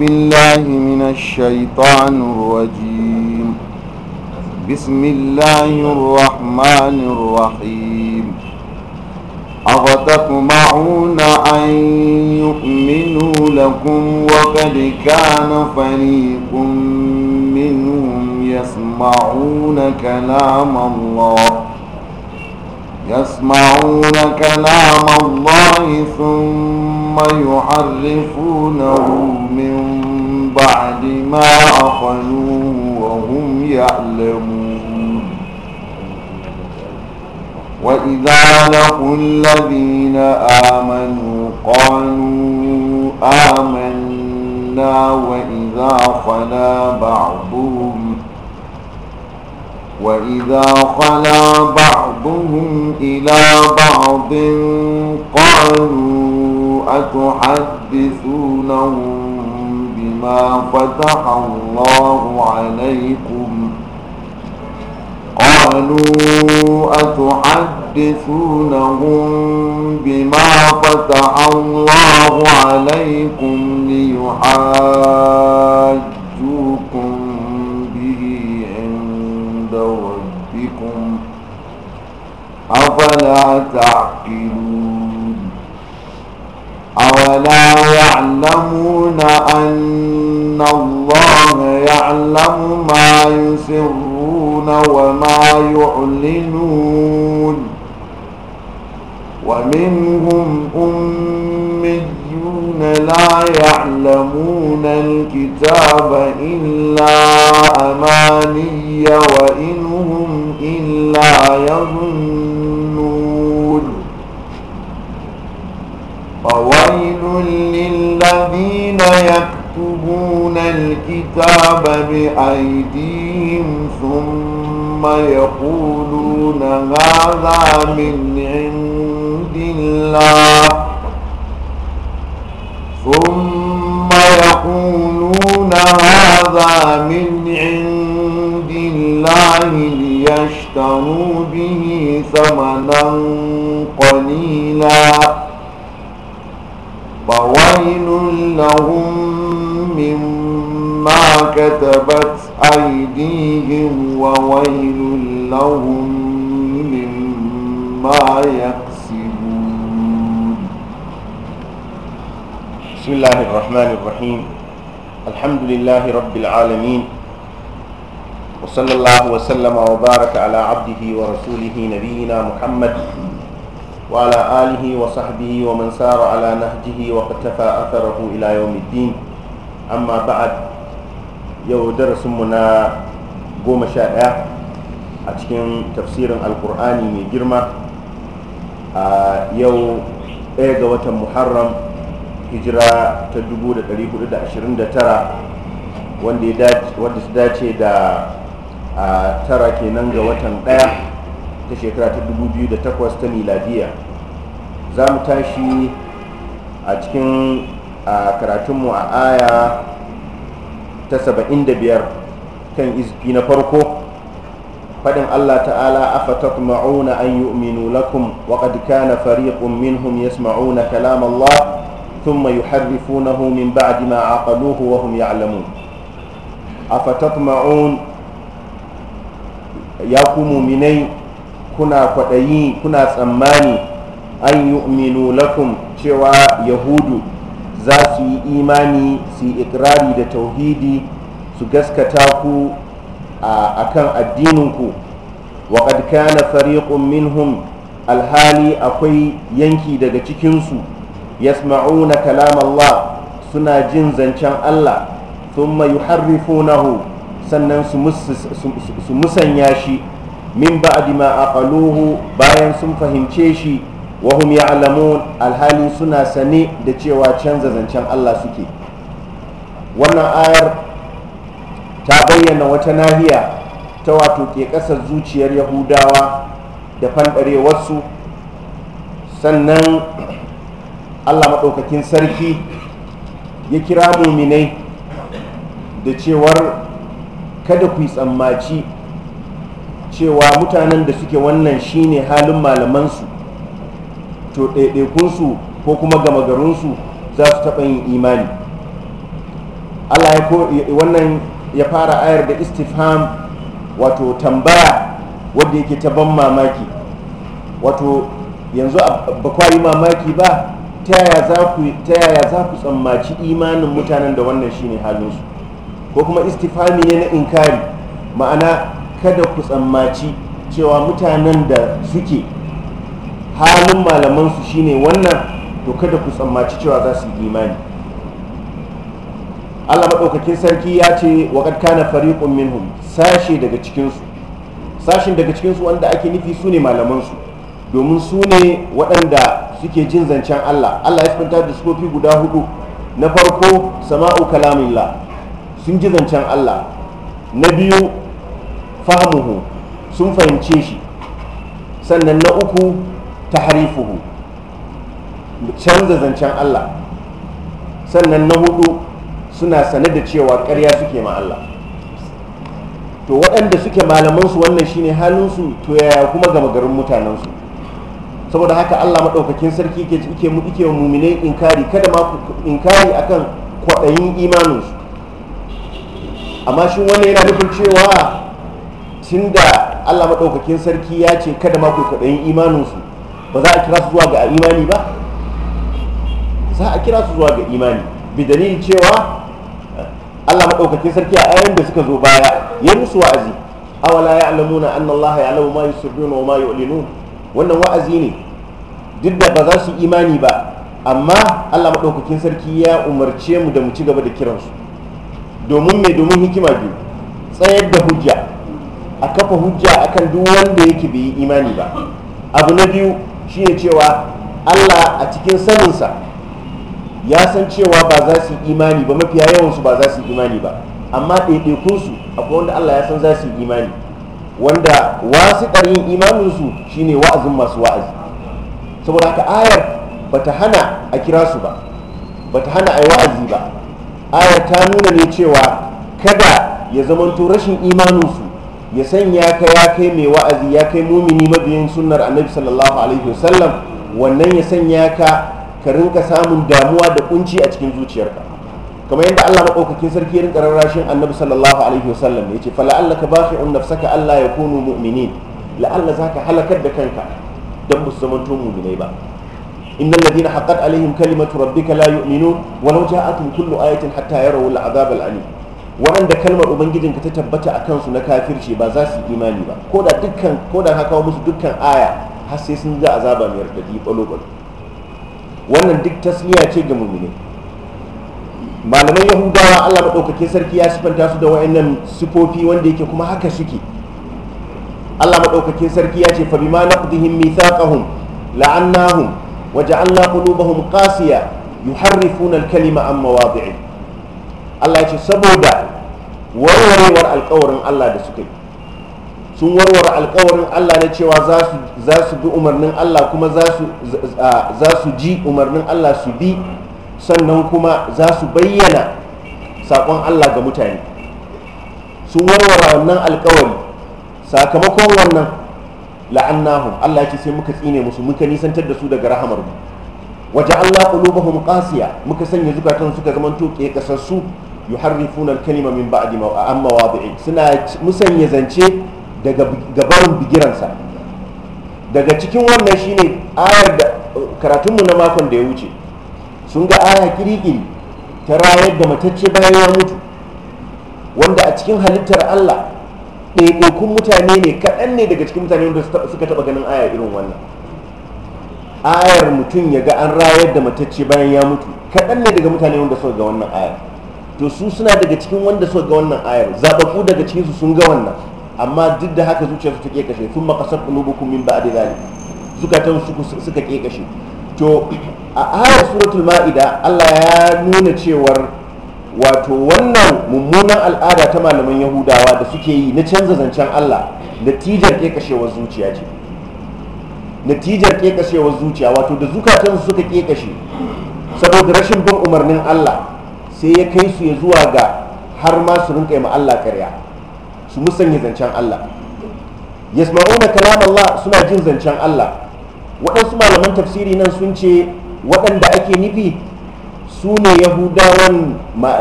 بالله من الشيطان الرجيم بسم الله الرحمن الرحيم أفتطمعون أن يؤمنوا لكم وقد كان فريق منهم يسمعون كلام الله يسمعون كلام الله ثم يحرفونه من بعد ما أخذوه وهم يعلمون وإذا لقوا الذين آمنوا قالوا آمنا وإذا خلا بعضهم وإذا خلا بعضهم بعضهم إلى بعض قالوا أتحدثونهم بما فتح الله عليكم قالوا أتحدثونهم بما فتح الله عليكم ليحاج أفلا تعقلون أولا يعلمون أن الله يعلم ما يسرون وما يعلنون ومنهم أميون لا يعلمون الكتاب إلا أماني وإنهم إلا يظنون فويل للذين يكتبون الكتاب بأيديهم ثم يقولون هذا من عند الله ثم يقولون هذا من عند الله ليشتروا به ثمنا قليلا فويل لهم مما كتبت أيديهم وويل لهم مما يكسبون بسم الله الرحمن الرحيم الحمد لله رب العالمين وصلى الله وسلم وبارك على عبده ورسوله نبينا محمد وعلى آله وصحبه ومن سار على نهجه واقتفى أثره إلى يوم الدين أما بعد يو درس منا قوم شائع أتكين تفسير القرآن من جرمة يو إيجا وتم محرم هجرة تدبو لتريه لدى عشرين ترى wanda ya dace da tara kenan ga watan ɗaya ta shekara ta takwas ta miladiya za mu tashi a cikin a karatunmu a aya ta 75 kan iski na farko faɗin allah ta'ala afatak ma'una an yi uminu lakum na fari fariƙun minhum ya sma'una kalam allah tun mai harrifu na homin ba a jima a ƙaluhu wa hum ya ya ku muminai kuna kwaɗayi kuna tsammani an yu'minu lakum cewa yahudu za su yi imani su yi ikirari da tauhidi su gaskata ku a kan addininku waƙad kana fariƙun minhum alhali akwai yanki daga cikinsu yasma'una kalam Allah suna jin zancen Allah thumma nahu sannan su musanya shi min ba'di ma aqaluhu bayan sun fahimce shi wa hum ya'lamun alhali suna sane da cewa canza zancen Allah suke wannan ayar ta bayyana wata nahiya ta wato ke ƙasar zuciyar yahudawa da wasu sannan allah maɗaukakin sarki ya kira muminai da cewar kada ku yi tsammaci cewa mutanen da suke wannan shine halin malamansu to ɗaiɗaikunsu ko kuma gama garinsu za su taɓa yin imani allah ya wannan ya fara ayar da istifham wato tambaya wadda yake ta ban mamaki wato yanzu ba kwa yi mamaki ba ta yaya za ku tsammaci imanin mutanen da wannan shine halinsu ko kuma istifami ne na inkari ma'ana kada ku tsammaci cewa mutanen da suke halin malamansu shine wannan to kada ku tsammaci cewa za su yi imani allah maɗaukakin sarki ya ce waƙad kana fariƙun minhum sashe daga cikinsu sashen daga cikinsu wanda ake nufi su ne malamansu domin su ne waɗanda suke jin zancen allah allah ya sifanta da sufofi guda hudu na farko sama'u kalamillah sun ji zancen allah na biyu fahimuhu sun fahimce shi sannan na uku ta harifuhu canza zancen Allah sannan na hudu suna sane da cewa karya suke ma Allah to waɗanda suke malamansu wannan shine halinsu to yaya kuma gama garin mutanensu saboda haka Allah maɗaukakin sarki ke ike ike muminai inkari kada ma inkari akan kwaɗayin imaninsu amma shi wannan yana nufin cewa da Allah maɗaukakin sarki ya ce kada ma ku imaninsu ba za a kira su zuwa ga imani ba za a kira su zuwa ga imani bi cewa Allah maɗaukakin sarki a ayoyin da suka zo baya ya musu wa'azi awala na an Allah alamu ma yusirruna wa ma yu'linun wannan wa'azi ne duk da ba za su imani ba amma Allah maɗaukakin sarki ya umarce mu da mu ci gaba da kiransu domin mai domin hikima biyu tsayar da hujja a kafa hujja akan duk wanda yake bai yi imani ba abu na biyu shine cewa allah a cikin saninsa ya san cewa ba za su yi imani ba mafiya yawansu ba za su yi imani ba amma ɗaiɗaikunsu akwai wanda allah ya san za su yi imani wanda wasu ƙarin imaninsu shine wa'azin masu wa'azi saboda haka ayar ba ta hana a kira su ba ba ta hana a yi wa'azi ba ayar ta nuna ne cewa kada ya zamanto rashin imaninsu ya sanya ka ya kai mai wa'azi ya kai mumini mabiyin sunnar annabi sallallahu alaihi wasallam wannan ya sanya ka ka rinka samun damuwa da kunci a cikin zuciyarka kamar yadda Allah maɗaukakin sarki ya rinka rarrashin annabi sallallahu alaihi wasallam ya ce fala Allah ka ba un nafsaka Allah ya kunu mu'minin la'alla za ka halakar da kanka don ba su zamanto mu'minai ba إن الذين حقت عليهم كلمة ربك لا يؤمنون ولو جاءتهم كل hatta ya يروا العذاب الأليم waɗanda kalmar ka ta tabbata a kansu na kafirci ba za su imani ba ko da dukkan ko da haka musu dukkan aya har sai sun ga azaba mai radadi balo wannan duk tasliya ce ga mumine malaman yahudawa Allah maɗaukake sarki ya sifanta su da wayannan sifofi wanda yake kuma haka suke Allah maɗaukake sarki ya ce fa bima naqdihim mithaqahum la'annahum wa ja'alna qulubahum qasiya yuharrifuna al-kalima an mawadi'i Allah ce saboda warwarewar alkawarin Allah da suka yi sun warware alkawarin Allah na cewa za su bi umarnin Allah kuma za su ji umarnin Allah su bi sannan kuma za su bayyana saƙon Allah ga mutane sun warware wannan alkawari sakamakon wannan la'annahum Allah ce sai muka tsine musu muka nisantar da su daga rahamar mu waje Allah qulubuhum qasiya muka sanya zukatan suka zamanto kekasassu yuharrifuna al-kalima min ba'di ma amma wadi'i suna musanya zance daga gabarin bigiransa daga cikin wannan shine ayar da karatunmu na makon da ya wuce sun ga aya kirikiri ta rayar da matacce bayan ya mutu wanda a cikin halittar Allah ɗaiɗaikun mutane ne kaɗan ne daga cikin mutane wanda suka taɓa ganin aya irin wannan ayar mutum ya ga an rayar da matacce bayan ya mutu kaɗan ne daga mutane wanda suka ga wannan ayar to su suna daga cikin wanda suka ga wannan ayar zaɓaɓɓu daga cikin su sun ga wannan amma duk da haka zuciya su ke kashe sun makasar qulubukum min ba'di zalik zukatan su suka ke kashe to a ayar suratul ma'ida Allah ya nuna cewar wato wannan mummunan al'ada ta malaman yahudawa da suke yi na canza zancen Allah natijar kekashewar zuciya ce natijar kekashewar zuciya wato da zukatan suka ƙeƙashe saboda rashin bin umarnin Allah sai ya kai su ya zuwa ga har ma su rinka yi Allah karya su musanya zancen Allah yasma'una kalam Allah suna jin zancen Allah waɗansu malaman tafsiri nan sun ce waɗanda ake nufi su ne yahudawan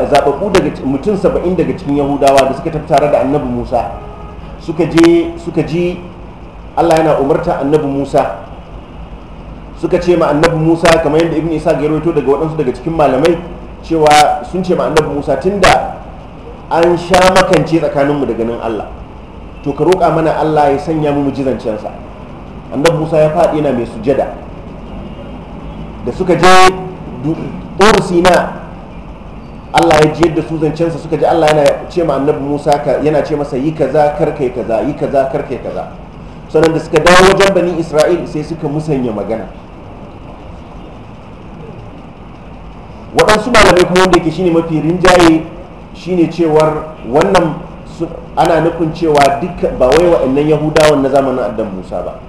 zaɓaɓɓu daga mutum saba'in daga cikin yahudawa da suka tattara da annabi musa suka je suka ji allah yana umarta annabi musa suka ce ma annabi musa kamar yadda ibn isa ya rawaito daga waɗansu daga cikin malamai cewa sun ce ma annabi musa tun da an sha makance tsakaninmu da ganin allah to ka roƙa mana allah ya sanya mu mujizancensa annabi musa ya faɗi yana mai sujada da suka je ɗor allah ya jiyar da su zancensa suka ji allah yana ce ma annabi musa yana ce masa yi kaza karkai kaza yi kaza karkai kaza sannan da suka dawo wajen bani isra'il sai suka musanya magana waɗansu malamai kuma wanda yake shine mafi rinjaye shine cewar wannan ana nufin cewa duk ba wai waɗannan yahudawan na zamanin addan musa ba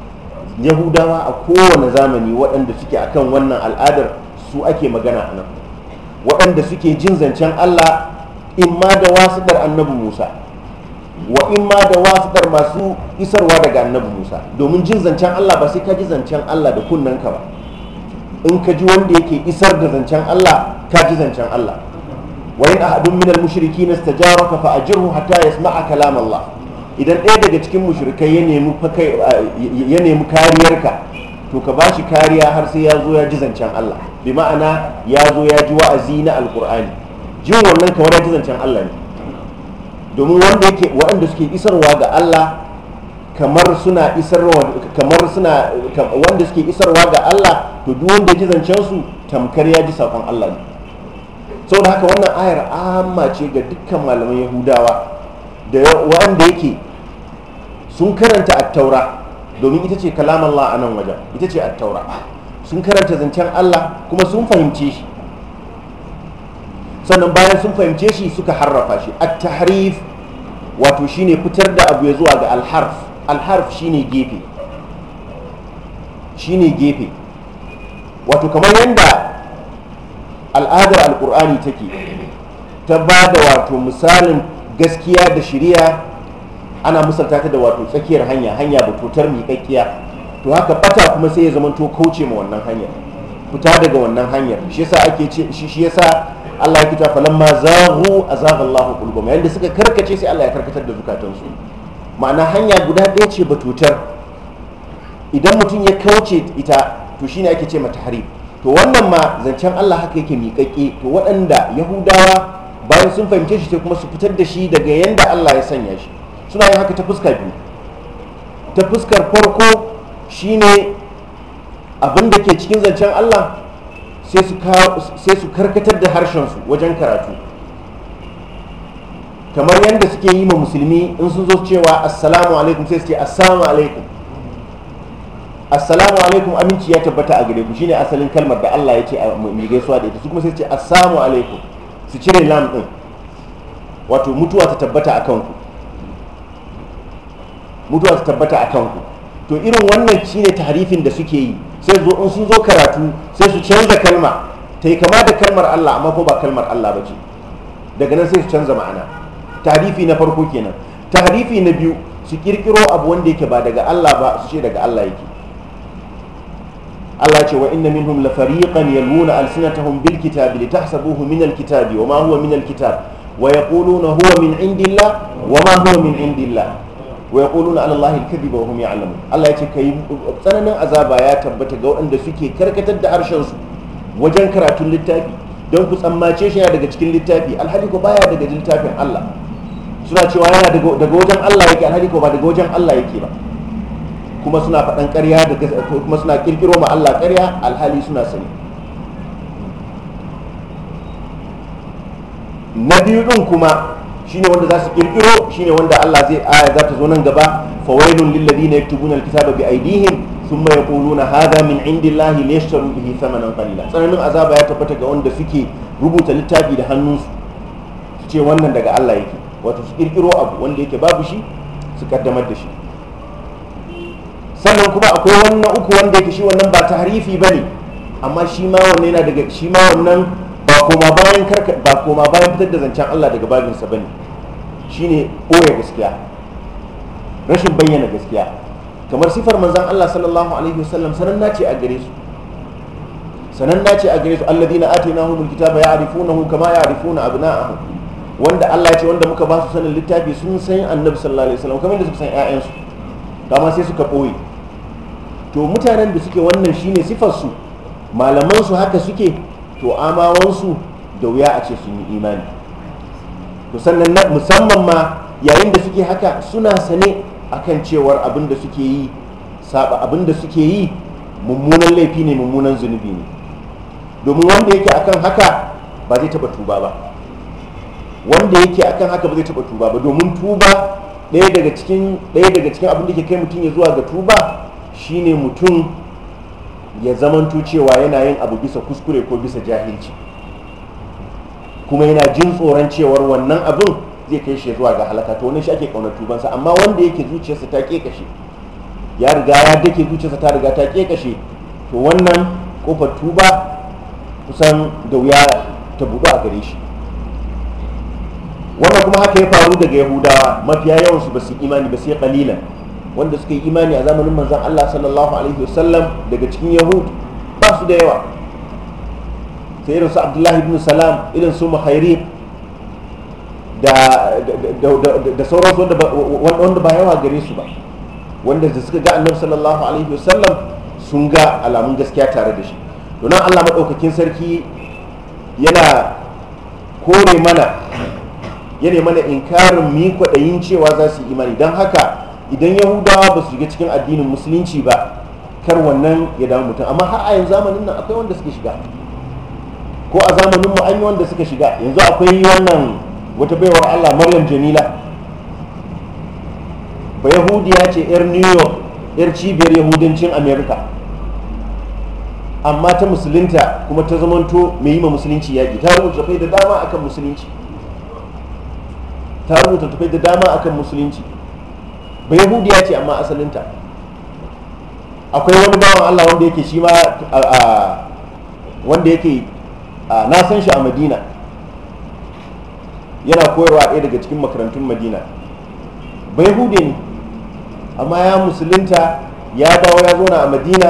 yahudawa a kowane zamani waɗanda suke akan wannan al'adar su ake magana a nan waɗanda suke jin zancen allah in ma da wasuɗar annabi musa wa in ma da wasuɗar masu isarwa daga annabi musa domin jin zancen allah ba sai ka ji zancen allah da kunnanka ba in ka ji wanda yake isar da zancen Allah ka ji zancen Allah wa in ahadun min al-mushrikin istajaraka fa ajirhu hatta yasma'a kalam Allah idan ɗaya daga cikin mushrikai ya nemi ya nemi kariyarka to ka bashi kariya har sai ya zo ya ji zancen Allah bi ma'ana ya zo ya ji wa'azi na alqur'ani jin wannan kamar ya ji zancen Allah ne domin wanda yake waɗanda suke isarwa ga Allah kamar suna isarwa kamar suna wanda suke isarwa ga Allah to duk wanda ji zancen su tamkar ya ji sakon Allah ne saboda haka wannan ayar amma ce ga dukkan malaman yahudawa da wanda yake sun karanta attaura domin ita ce kalaman Allah nan wajen ita ce attaura sun karanta zancen Allah kuma sun fahimce shi sannan bayan sun fahimce shi suka harrafa shi at-tahrif wato shine fitar da abu ya zuwa ga al Alharf al-harf shine gefe shine gefe wato kamar yadda al'adar alkur'ani take ta ba da wato misalin gaskiya da shirya ana misalta ta da wato tsakiyar hanya hanya batutar miƙaƙƙiya to haka fata kuma sai ya zama to kauce ma wannan hanyar fita daga wannan hanyar shi yasa ake ce shi yasa Allah ya kita falamma zaghu azagha Allahu qulubahum yanda suka karkace sai Allah ya karkatar da su ma'ana hanya guda ɗaya ce batutar idan mutum ya kauce ita to shine ake ce mata harib to wannan ma zancen Allah haka yake miƙaƙe to waɗanda yahudawa bayan sun fahimce shi sai kuma su fitar da shi daga yanda Allah ya sanya shi suna yin haka ta fuska biyu ta fuskar farko shine abin da ke cikin zancen Allah sai su karkatar da harshensu wajen karatu kamar yadda suke yi ma musulmi in sun zo cewa assalamu alaikum sai su ce assalamu alaikum assalamu alaikum aminci ya tabbata a gare ku shine asalin kalmar da Allah ya ce mai gaisuwa da ita su kuma sai ce assalamu alaikum su cire lam din wato mutuwa ta tabbata a kanku mutuwa ta tabbata a kanku to irin wannan shine tahrifin da suke yi sai zo in sun zo karatu sai su canza kalma ta kama da kalmar Allah amma ko ba kalmar Allah ba ce daga nan sai su canza ma'ana tahrifi na farko kenan tahrifi na biyu su kirkiro abu wanda yake ba daga Allah ba su ce daga Allah yake Allah ce wa inna minhum la fariqan yalwuna alsinatahum bil kitabi litahsabuhu min al kitabi wa ma huwa min al kitab wa yaquluna huwa min indillah wa ma huwa min indillah wa yaquluna ala allahi al kadhiba wa hum ya'lamun Allah ya ce kai tsananin azaba ya tabbata ga waɗanda suke karkatar da harshen su wajen karatun littafi don ku tsammace shi yana daga cikin littafi alhali ko baya daga littafin Allah suna cewa yana daga wajen Allah yake alhali ko ba daga wajen Allah yake ba kuma suna faɗan ƙarya da kuma suna kirkiro ma Allah ƙarya alhali suna sani na biyu ɗin kuma shine wanda za su kirkiro shine wanda Allah zai aya za ta zo nan gaba fawailun lil na yaktubuna alkitaba bi aydihim thumma na hadha min indillahi liyashtaru bihi thamanan qalila tsananin azaba ya tabbata ga wanda suke rubuta littafi da hannunsu su ce wannan daga Allah yake wato su kirkiro abu wanda yake babu shi su kaddamar da shi sannan kuma akwai wannan uku wanda yake shi wannan ba tahrifi ba ne amma shi ma wannan yana daga shi ma wannan ba koma bayan karka ba koma bayan fitar da zancen Allah daga babinsa ba ne shine ɓoye gaskiya rashin bayyana gaskiya kamar sifar manzan Allah sallallahu alaihi wasallam sananna ce a gare su sananna ce a gare su alladina atainahumul kitaba ya'rifunahu kama ya'rifuna abna'ahum wanda Allah ya ce wanda muka ba su sanin littafi sun san annabi sallallahu alaihi wasallam kamar da suka san ƴaƴansu to amma sai suka ɓoye to mutanen da suke wannan shine sifarsu malamansu haka suke to amawansu da wuya a ce sun yi imani to sannan musamman ma yayin da suke haka suna sane akan cewar abin da suke yi saba abin da suke yi mummunan laifi ne mummunan zunubi ne domin wanda yake akan haka ba zai taba tuba ba wanda yake akan haka ba zai taba tuba ba domin tuba ɗaya daga cikin daga cikin abin da ke kai mutum ya zuwa ga tuba shine mutum ya zamanto cewa yana yin abu bisa kuskure ko bisa jahilci kuma yana jin tsoron cewar wannan abin zai kai shi zuwa ga halaka to wannan shi ake kaunar tubansa amma wanda yake zuciyarsa ta kekashe ya riga ya dake zuciyarsa ta riga ta kekashe to wannan kofar tuba kusan da wuya ta buɗu a gare shi wannan kuma haka ya faru daga yahudawa mafiya yawan su ba su imani ba sai kalilan wanda suka yi imani a zamanin manzon Allah sallallahu alaihi wasallam daga cikin yahud ba su da yawa sai irin su Abdullahi ibn Salam irin su Muhairi da da sauransu wanda ba yawa gare su ba wanda da suka ga annabi sallallahu alaihi wasallam sun ga alamun gaskiya tare da shi donan Allah madaukakin sarki yana kore mana yana mana inkarin mu kwaɗayin cewa za su yi imani don haka idan yahudawa ba su shiga cikin addinin musulunci ba kar wannan ya damu mutum amma har a yanzu zamanin nan akwai wanda suka shiga ko a zamanin mu an yi wanda suka shiga yanzu akwai wannan wata baiwar allah maryam jamila ba yahudiya ce yar new york yar cibiyar yahudancin america amma ta musulunta kuma ta zamanto mai yi ma musulunci yaƙi ta rubuta kai da dama akan musulunci ta rubuta tafai da dama akan musulunci ba yahudiya ce amma asalinta akwai wani bawan allah wanda yake shi ma wanda yake na san shi a madina yana koyarwa ɗaya daga cikin makarantun madina ba yahude ne amma ya musulunta ya dawa ya zauna a madina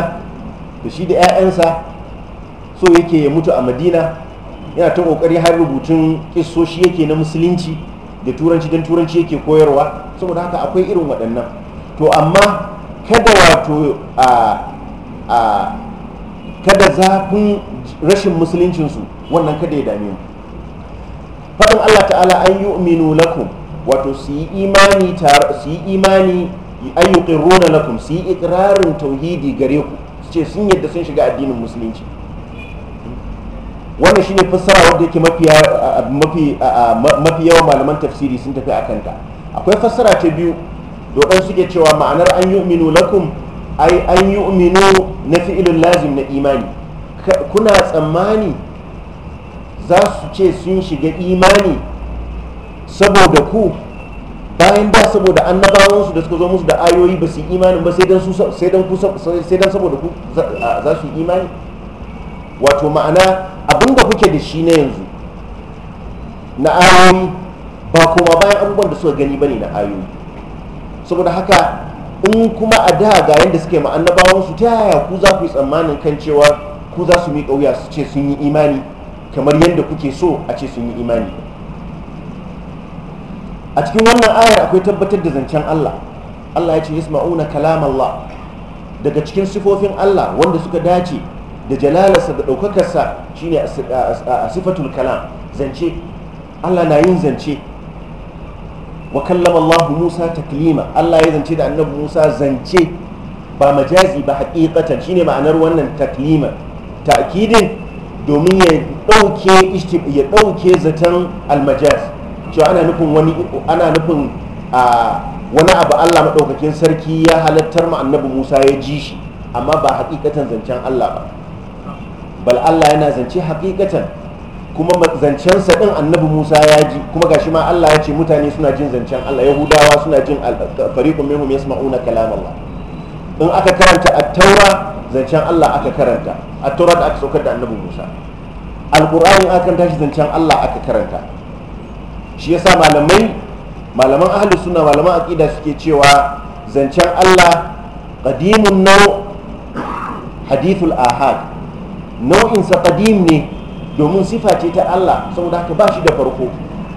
da shi da 'ya'yansa so yake ya mutu a madina yana ta kokari har rubutun ƙisoshi yake na musulunci da turanci don turanci yake koyarwa saboda haka akwai irin waɗannan to amma kada wato a kada zafin rashin musuluncinsu wannan kada ya dame mu faɗin allah ta'ala an yi uminu lakum wato su yi imani su yi imani ayyukin rona lakum su yi ikirarin tauhidi gare ku su ce sun yadda sun shiga addinin musulunci wannan shine fassara wanda yake mafi yawan malaman tafsiri sun tafi a kanta akwai fassara ta biyu dokan suke cewa ma'anar an yu'minu lakum ai an yu'minu na fi'ilin lazim na imani kuna tsammani za su ce sun shiga imani saboda ku bayan ba saboda annabawansu da suka zo musu da ayoyi ba su imanin ba sai dan saboda ku za su yi imani wato ma'ana abinda kuke da shi na yanzu na ayoyi ba kuma bayan abubuwan da suka gani bane na ayoyi saboda haka in kuma a da ga yadda suke ma'annabawan su ta yaya ku za ku yi tsammanin kan cewa ku za su miƙa wuya su ce sun yi imani kamar yadda kuke so a ce sun yi imani a cikin wannan ayar akwai tabbatar da zancen Allah Allah ya ce yasma'una kalam Allah daga cikin sifofin Allah wanda suka dace da jalalarsa da ɗaukakarsa shine a sifatul kalam zance allah na yin zance wa musa taklima allah ya zance da annabi musa zance ba majazi ba haƙiƙatan shine ma'anar wannan taklima ta'kidin domin ya ɗauke ya ɗauke zaton almajaz cewa ana nufin wani ana nufin a wani abu allah maɗaukakin sarki ya halattar ma annabi musa ya ji shi amma ba haƙiƙatan zancen allah ba bal Allah yana zance hakikatan kuma zancensa din annabi Musa ya ji kuma gashi ma Allah ya ce mutane suna jin zancen Allah yahudawa suna jin fariqun minhum yasma'una kalam Allah in aka karanta at-taura zancen Allah aka karanta at-taura da aka saukar da annabi Musa al-qur'ani aka tashi zancen Allah aka karanta shi yasa malamai malaman ahli sunna malaman aqida suke cewa zancen Allah qadimun naw hadithul ahad nau'insa kadim ne domin sifa ce ta Allah saboda haka ba shi da farko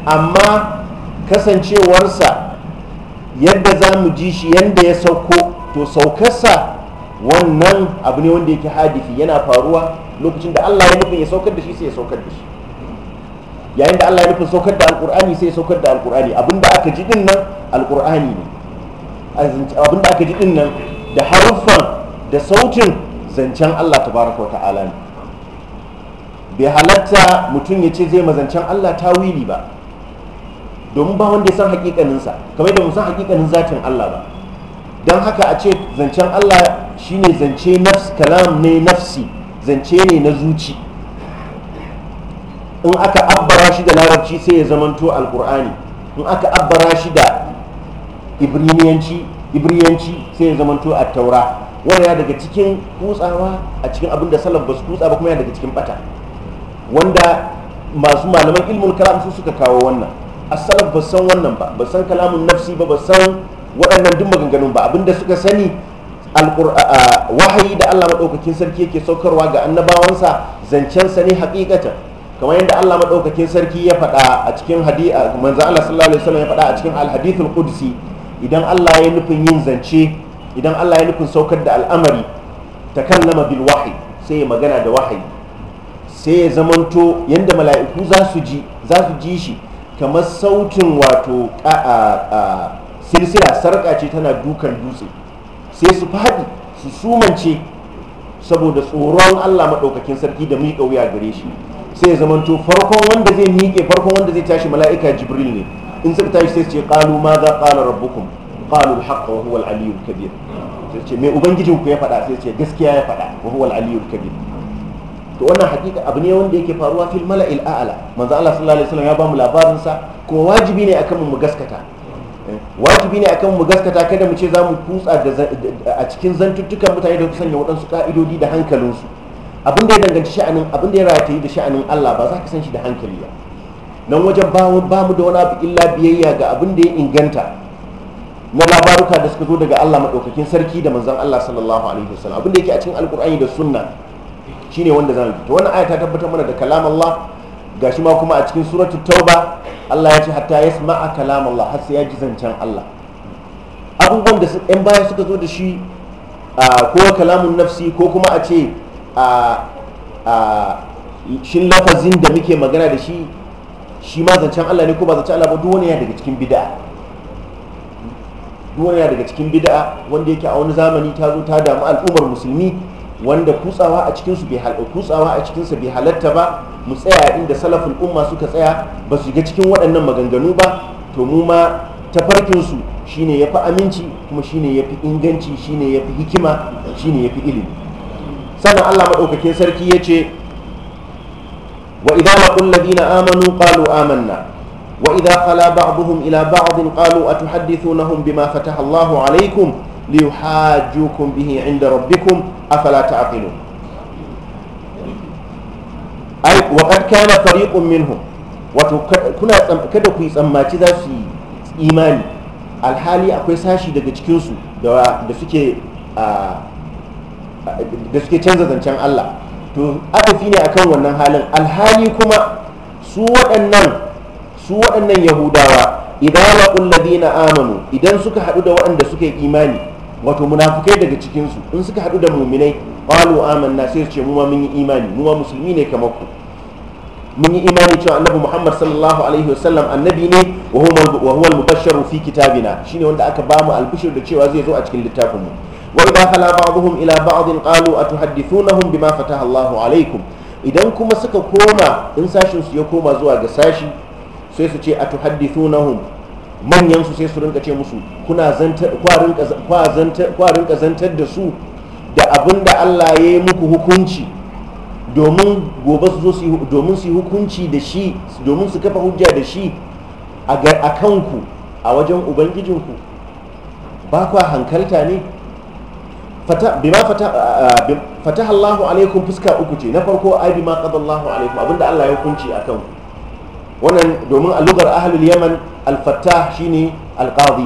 amma kasancewarsa yadda za mu ji shi yadda ya sauko to saukarsa wannan abu ne wanda yake hadifi yana faruwa lokacin da Allah ya nufin ya saukar da shi sai ya saukar da shi yayin da Allah ya nufin saukar da alkur'ani sai ya saukar da alkur'ani abinda aka ji din nan alkur'ani ne abinda aka ji din nan da haruffan da sautin zancen Allah tabaraka wa ta'ala ne bai halatta mutum ya ce zai mazancen Allah ta wili ba domin ba wanda ya san hakikaninsa kamar da san hakikanin zatin Allah ba don haka a ce zancen Allah shine zance nafs kalam ne nafsi zance ne na zuci in aka abbara shi da larabci sai ya zamanto alkur'ani in aka abbara shi da ibriniyanci ibriyanci sai ya zamanto a taura wannan ya daga cikin kutsawa a cikin abin da salaf ba su kutsa ba kuma ya daga cikin bata wanda masu malaman ilmin kalam su suka kawo wannan asalaf ba san wannan ba ba san kalamun nafsi ba ba san waɗannan duk maganganun ba abinda suka sani wahayi da Allah maɗaukakin sarki yake saukarwa ga annabawansa zancen ne hakikatan kamar yadda Allah maɗaukakin sarki ya faɗa a cikin hadisi manzo Allah sallallahu alaihi wasallam ya faɗa a cikin al qudsi idan Allah ya nufin yin zance idan Allah ya nufin saukar da al'amari takallama bil wahyi sai ya magana da wahayi sai ya zamanto yadda mala'iku za su ji za su ji shi kamar sautin wato a silsila sarƙa ce tana dukan dutse sai su faɗi su sumance saboda tsoron allah maɗaukakin sarki da miƙa wuya gare shi sai ya zamanto farkon wanda zai miƙe farkon wanda zai tashi mala'ika jibril ne in suka tashi sai su ce ƙalu ma za ƙalar rabbukum ƙalu alhaqqa wa huwa aliyu kabir sai ce me ubangijinku ya faɗa sai ce gaskiya ya faɗa wa huwa aliyu kabir to wannan hakika abu ne wanda yake faruwa fil mala'il a'la manzo Allah sallallahu alaihi wasallam ya bamu labarin sa kuma wajibi ne akan mu gaskata eh, wajibi ne akan mu gaskata kada mu ce za mu kutsa a cikin zantuttukan mutane da sanya waɗansu ka'idodi da hankalinsu abin da ya danganci sha'anin abin da ya rataye da sha'anin Allah ba za ka san shi da hankali ba nan wajen ba mu da wani abu illa biyayya ga abin da ya inganta na labaruka da suka zo daga Allah maɗaukakin sarki da manzon Allah sallallahu alaihi wasallam abin da yake a cikin alkur'ani da sunna shine wanda za mu bi to wannan aya ta tabbatar mana da kalam Allah gashi ma kuma a cikin suratu tauba Allah ya ce hatta yasma'a kalam Allah har sai ya ji zancen Allah abubuwan da yan baya suka zo da shi ko kalamun nafsi ko kuma a ce shin lafazin da muke magana da shi shi ma zancen Allah ne ko ba zancen Allah ba duk wani ya daga cikin bid'a duk wani daga cikin bid'a wanda yake a wani zamani ta zo ta damu al'ummar musulmi wanda kutsawa a cikin su cikinsa bai halatta ba mu tsaya inda salafin umma suka tsaya ba su ga cikin waɗannan maganganu ba to mu ma su shine ya fi aminci kuma shine ya fi inganci shine ya hikima shine ya ilimi sannan allah madaukake sarki yace ce wa idan maƙun ladina amanu qalu amanna wa idan kala ba'dhum ila ba'd qalu a bima fataha allahu alaikum ليحاجوكم به عند ربكم أفلا أي وقد كان منهم وكنا كده kuna kada ku yi tsammaci za su yi imani alhali akwai sashi daga cikinsu da suke canza zancen Allah to fi ne akan wannan halin alhali kuma su waɗannan su waɗannan yahudawa idan laqul ladina amanu idan suka haɗu da waɗanda yi imani wato munafukai daga cikinsu in suka haɗu da muminai qalu na sai ce muma mun yi imani mu musulmi ne kamar ku mun yi imani cewa annabi Muhammad sallallahu alaihi wasallam annabi ne wa huwa al-mubashshar fi kitabina shine wanda aka ba mu albishir da cewa zai zo a cikin littafinmu wa idha khala ba'dhum ila ba'din qalu atuhaddithunahum bima fataha Allahu alaikum idan kuma suka koma in sashin su ya koma zuwa ga sashi sai su ce atuhaddithunahum manyan su sai su rinka ce musu kuna rinka zantar da su da abin da Allah ya yi muku hukunci domin gobe su zo domin su yi hukunci da shi domin su kafa hujja da shi a kanku a wajen ubangijinku ba kwa hankalta ne bima fata Allahu alaikum fuska uku ce na farko ai bima kadallahu Allahu alaikum abinda Allah ya hukunci a kanku wannan domin a lugar ahlul yaman al-fattah shine al-qadi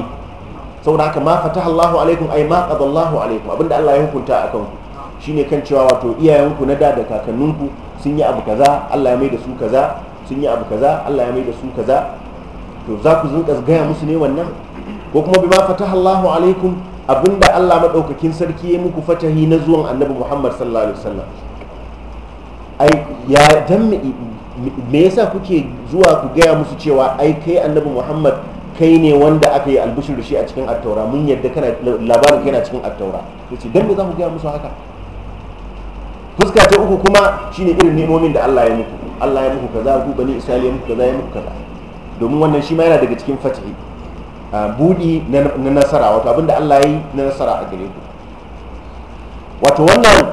saboda haka ma fataha Allahu alaikum ai ma qada Allahu alaikum abinda Allah ya hukunta akan ku shine kan cewa wato iyayenku na da da kakanninku sun yi abu kaza Allah ya mai da su kaza sun yi abu kaza Allah ya mai da su kaza to za ku zinka gaya musu ne wannan ko kuma bi ma fataha Allahu alaikum abinda Allah madaukakin sarki ya muku fatahi na zuwan Annabi Muhammad sallallahu alaihi wasallam ai ya dan me yasa kuke zuwa ku gaya musu cewa ai kai annabi muhammad kai ne wanda aka yi albishir da shi a cikin attaura mun yadda kana labarin kai na cikin attaura ya ce don me za ku gaya musu haka fuska ta uku kuma shine irin nemomin da allah ya muku allah ya muku kaza ku bani isra'ila ya muku kaza ya muku kaza domin wannan shi ma yana daga cikin fatihi budi na nasara wato abinda allah ya yi na nasara a gare ku wato wannan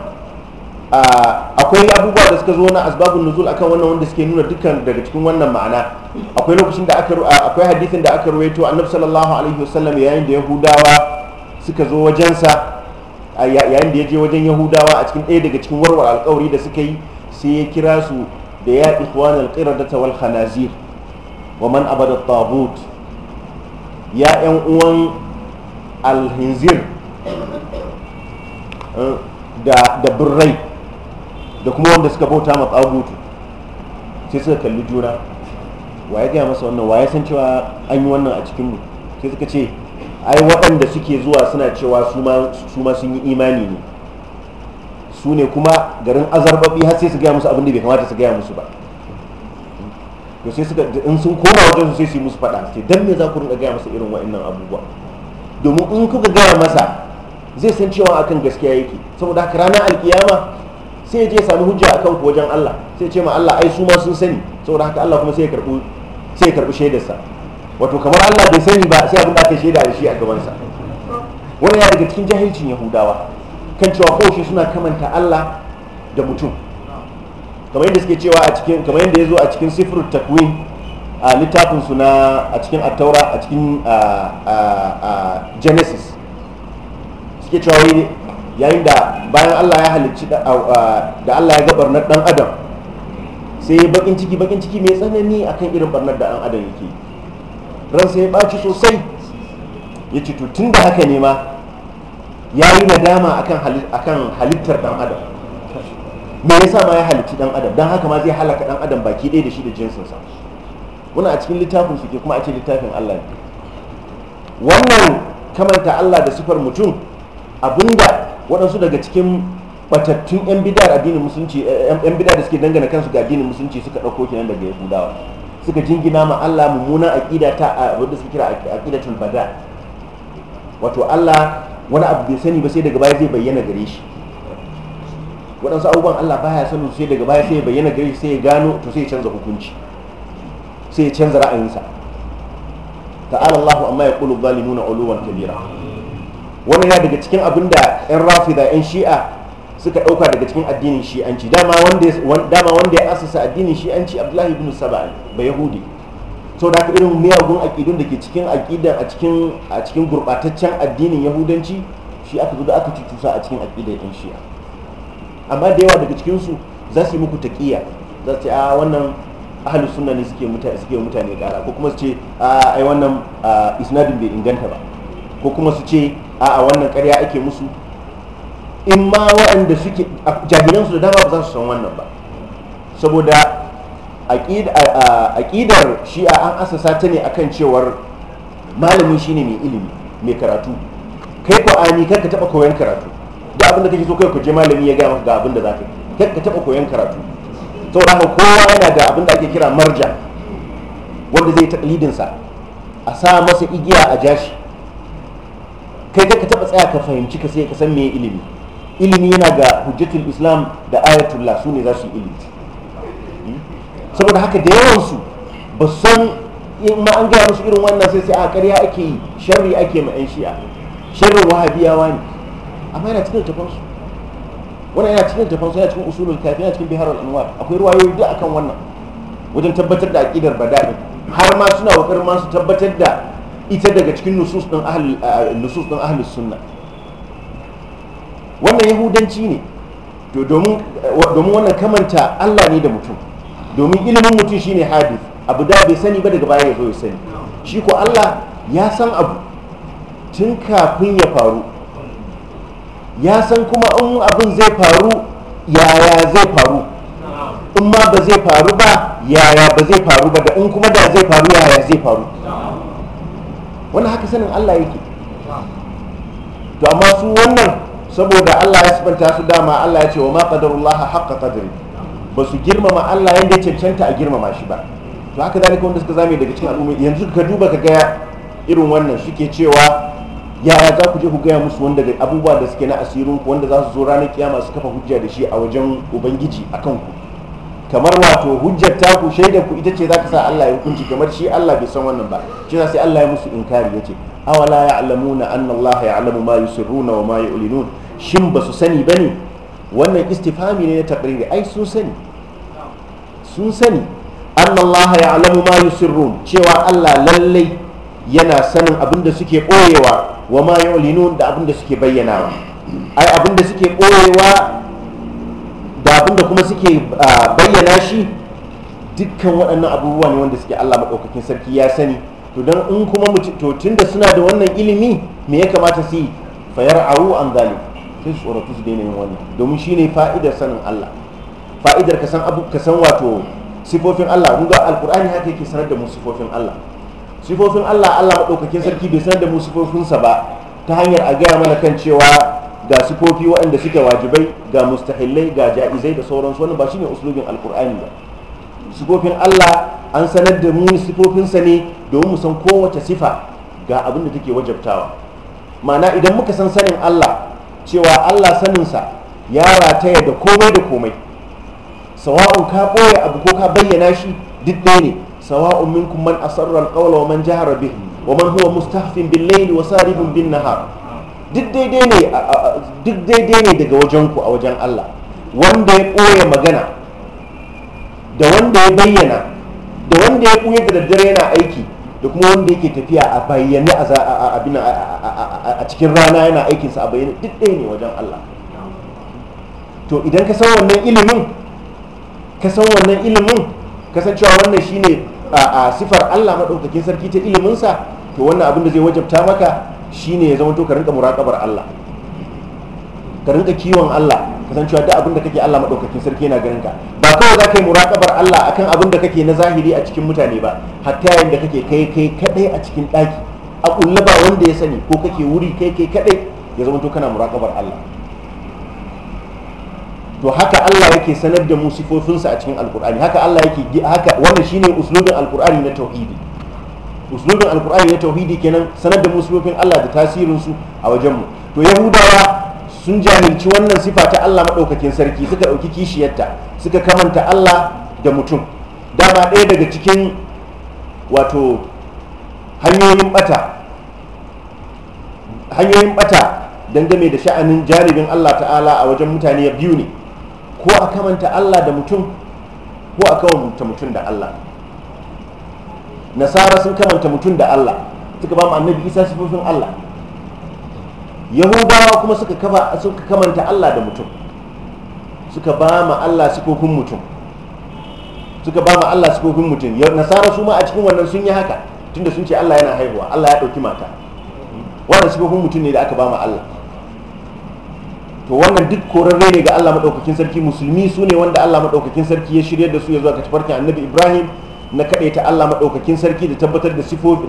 akwai abubuwa da suka zo na asbabun nuzul akan wannan wanda suke nuna dukkan daga cikin wannan ma'ana akwai lokacin da aka akwai hadisin da aka rawaito annabi sallallahu alaihi wasallam yayin da yahudawa suka zo wajensa yayin da ya je wajen yahudawa a cikin ɗaya daga cikin warwar alƙawari da suka yi sai ya kira su da ya ikhwan alqiradata wal khanazir wa man abada tabut ya ɗan uwan alhinzir eh, da da birrai da kuma wanda suka bauta ma tsagutu sai suka kalli juna wa ya gaya masa wannan wa ya san cewa an yi wannan a cikinmu sai suka ce ai waɗanda suke zuwa suna cewa su ma sun yi imani ne su ne kuma garin azarbabi har sai su gaya musu abin da bai kamata su gaya musu ba to sai suka in sun koma wajen su sai su yi musu faɗa sai dan me za ku rinka gaya masa irin waɗannan abubuwa domin in kuka gaya masa zai san cewa akan gaskiya yake saboda haka ranar alkiyama sai je sami hujja a kanku wajen Allah sai ce ma Allah ai su ma sun sani saboda haka Allah kuma sai ya karbu sai shaidarsa wato kamar Allah bai sani ba sai abin da aka shaida da shi a gabansa wani ya daga cikin jahilcin yahudawa kan cewa shi suna kamanta Allah da mutum kamar yadda suke cewa a cikin kamar yadda ya zo a cikin sifrut takwin a littafin su na a cikin attaura a cikin genesis suke cewa wai yayin da bayan Allah ya halicci da Allah ya ga barnar dan adam sai ya bakin ciki bakin ciki mai tsanani akan irin barnar da dan adam yake ran sai ya baci sosai ya ci tutun da haka ne ma ya yi nadama akan halittar dan adam me yasa ma ya halicci dan adam dan haka ma zai halaka dan adam baki ɗaya da shi da jinsinsa muna a cikin littafin suke kuma a ce littafin Allah ne wannan kamanta Allah da sifar mutum abinda waɗansu daga cikin batattun 'yan bidar addinin musulunci 'yan eh, bidar da suke dangana kansu ga addinin musulunci suka ɗauko kinan daga yahudawa suka jingina ma Allah a aqida ta wadda suke kira aqidatul bada wato Allah wani abu bai sani ba sai daga baya zai bayyana gare shi waɗansu abubuwan Allah baya sanin sai daga baya sai ya bayyana gare shi sai ya gano to sai ya canza hukunci sai ya canza ra'ayinsa ta'ala allahu amma ya qulu zalimuna uluwan kabira wannan ya daga cikin abin da 'yan rafida 'yan shi'a suka ɗauka daga cikin addinin shi'anci dama wanda ya asasa addinin shi'anci abdullahi ibn saba'in ba yahudi sau da irin miyagun aƙidun da ke cikin aƙidan a cikin gurɓataccen addinin yahudanci shi aka zo da aka cutusa a cikin aƙidan yan shi'a amma da yawa daga cikinsu za su yi muku taƙiya za su yi a wannan ahalus suna ne suke mutane ƙara ko kuma su ce a ai wannan isnadin bai inganta ba ko kuma su ce a wannan ƙarya ake musu in ma waɗanda suke jahilansu da dama ba za su san wannan ba saboda aƙidar shi'a an asasa ta ne akan cewar malami shine mai ilimi mai karatu kai ƙwa'ani kar ka taɓa koyon karatu da abin da kake so kai ku je malami ya gaya maka ga abin da za ka kar ka taɓa koyon karatu sau haka kowa yana da abin da ake kira marja wanda zai taƙalidinsa a sa masa igiya a jashi kai kar ka taɓa tsaya ka fahimci ka sai ka san me ilimi ilimi yana ga hujjatul islam da ayatullah su ne za su yi ilimi hmm? saboda haka da yawansu ba san in ma an gaya musu irin wannan sai sai a karya ake yi sharri ake ma 'yan shi'a sharrin wahabiyawa ne amma yana cikin su wannan yana cikin su yana cikin usulul kafi yana cikin bihar al'anwar akwai ruwayoyi duk akan wannan wajen tabbatar da ba bada'in har ma suna wakar ma su tabbatar da ita daga cikin nusus ɗin ahlus sunna wannan yahudanci ne domin wannan kamanta Allah ne da mutum domin ilimin mutum shine hadis abu da bai sani ba daga baya ya zo ya sani shi ko Allah ya san abu tun kafin ya faru ya san kuma in abin zai faru yaya zai faru in ma ba zai faru ba yaya ba zai faru ba da in kuma da zai faru yaya zai faru wannan haka sanin Allah yake to amma su wannan saboda Allah ya sifanta su dama Allah ya ce wa ma qadarullah haqqa qadri ba su girmama Allah yadda cancanta a girmama shi ba to haka zalika wanda suka zame daga cikin al'umma yanzu ka duba ka ga irin wannan suke cewa yaya za ku je ku gaya musu wanda abubuwa da suke na asirin ku wanda za su zo ranar kiyama su kafa hujja da shi a wajen ubangiji a kanku kamar wato hujjar taku shaidar ku ita ce za ka sa Allah ya hukunci kamar shi Allah bai san wannan ba shi sai Allah ya musu inkari ya ce awala ya'lamuna anna Allah ya'lamu ma yusirruna wa ma yu'linun shin ba su sani ba ne wannan istifami ne na taƙariri ai sun sani sun sani an ya alamu ma yusirrun cewa Allah lallai yana sanin abin da suke ɓoyewa wa ma yu'linun da abin da suke bayyanawa ai abin da suke ɓoyewa da abin da kuma suke bayyana shi dukkan waɗannan abubuwa ne wanda suke Allah maɗaukakin sarki ya sani to don in kuma to tunda suna da wannan ilimi me ya kamata su yi fayar awu an zalim sai su tsoratu su daina yin wannan domin ne fa'idar sanin Allah fa'idar ka san abu ka san wato sifofin Allah mun ga alqur'ani haka yake sanar da mu sifofin Allah sifofin Allah Allah madaukakin sarki bai sanar da mu sifofinsa ba ta hanyar a gaya mana kan cewa ga sifofi waɗanda suke wajibai ga mustahillai ga ja'izai da sauransu wannan ba shine uslubin alkur'ani ba sifofin Allah an sanar da mu sifofinsa ne domin mu san kowace sifa ga abin da take wajabtawa ma'ana idan muka san sanin Allah cewa Allah saninsa ya rataya da komai da komai sawa'un ka ɓoye abu ko ka bayyana shi duk ɗaya ne sawa'un minkum man asarra ƙaula wa man jahara bihi wa man huwa mustahfin bin layli wa saribun bin nahar duk daidai ne duk daidai ne daga wajen ku a wajen Allah wanda ya ɓoye magana da wanda ya bayyana da wanda ya ɓoye da daddare yana aiki da kuma wanda yake tafiya a bayyane a cikin rana yana aikinsa a bayyane duk ɗaya ne wajen Allah to idan ka san wannan ilimin ka san wannan ilimin kasancewa wannan shine a sifar Allah maɗaukakin sarki ta iliminsa to wannan abin da zai wajabta maka shine ya zama to ka rinka muraƙabar Allah ka rinka kiwon Allah kusan cewa duk abin da kake Allah madaukakin sarki yana ganin ka ba kawai za ka yi muraƙabar Allah akan abin da kake na zahiri a cikin mutane ba hatta yayin da kake kai kai kaɗai a cikin ɗaki a ƙulla ba wanda ya sani ko kake wuri kai kai kadai ya zama to kana muraƙabar Allah to haka Allah yake sanar da mu sifofinsa a cikin alkur'ani haka Allah yake haka wannan shine uslubin alkur'ani na tauhidi uslubin alkur'ani na tauhidi kenan sanar da mu sifofin Allah da tasirin su a wajen mu to yahudawa sun jahilci wannan sifa ta Allah maɗaukakin sarki suka ɗauki kishiyarta suka kamanta Allah da mutum dama ɗaya daga cikin wato hanyoyin ɓata hanyoyin ɓata dangane da sha'anin jaribin Allah ta'ala a wajen mutane ya biyu ne ko a kamanta Allah da mutum ko a kamanta mutum da Allah nasara sun kamanta mutum da Allah suka ba mu annabi isa sifofin Allah yahudawa kuma suka kaba suka kamanta Allah da mutum suka ba ma Allah sifofin mutum suka ba ma Allah sifofin mutum nasara su ma a cikin wannan sun yi haka tunda sun ce Allah yana haihuwa Allah ya dauki mata wannan sifofin mutum ne da aka ba ma Allah to wannan duk korarre ne ga Allah madaukakin sarki musulmi su ne wanda Allah madaukakin sarki ya shirya da su ya zuwa tafarkin annabi Ibrahim na ta Allah madaukakin sarki da tabbatar da sifofi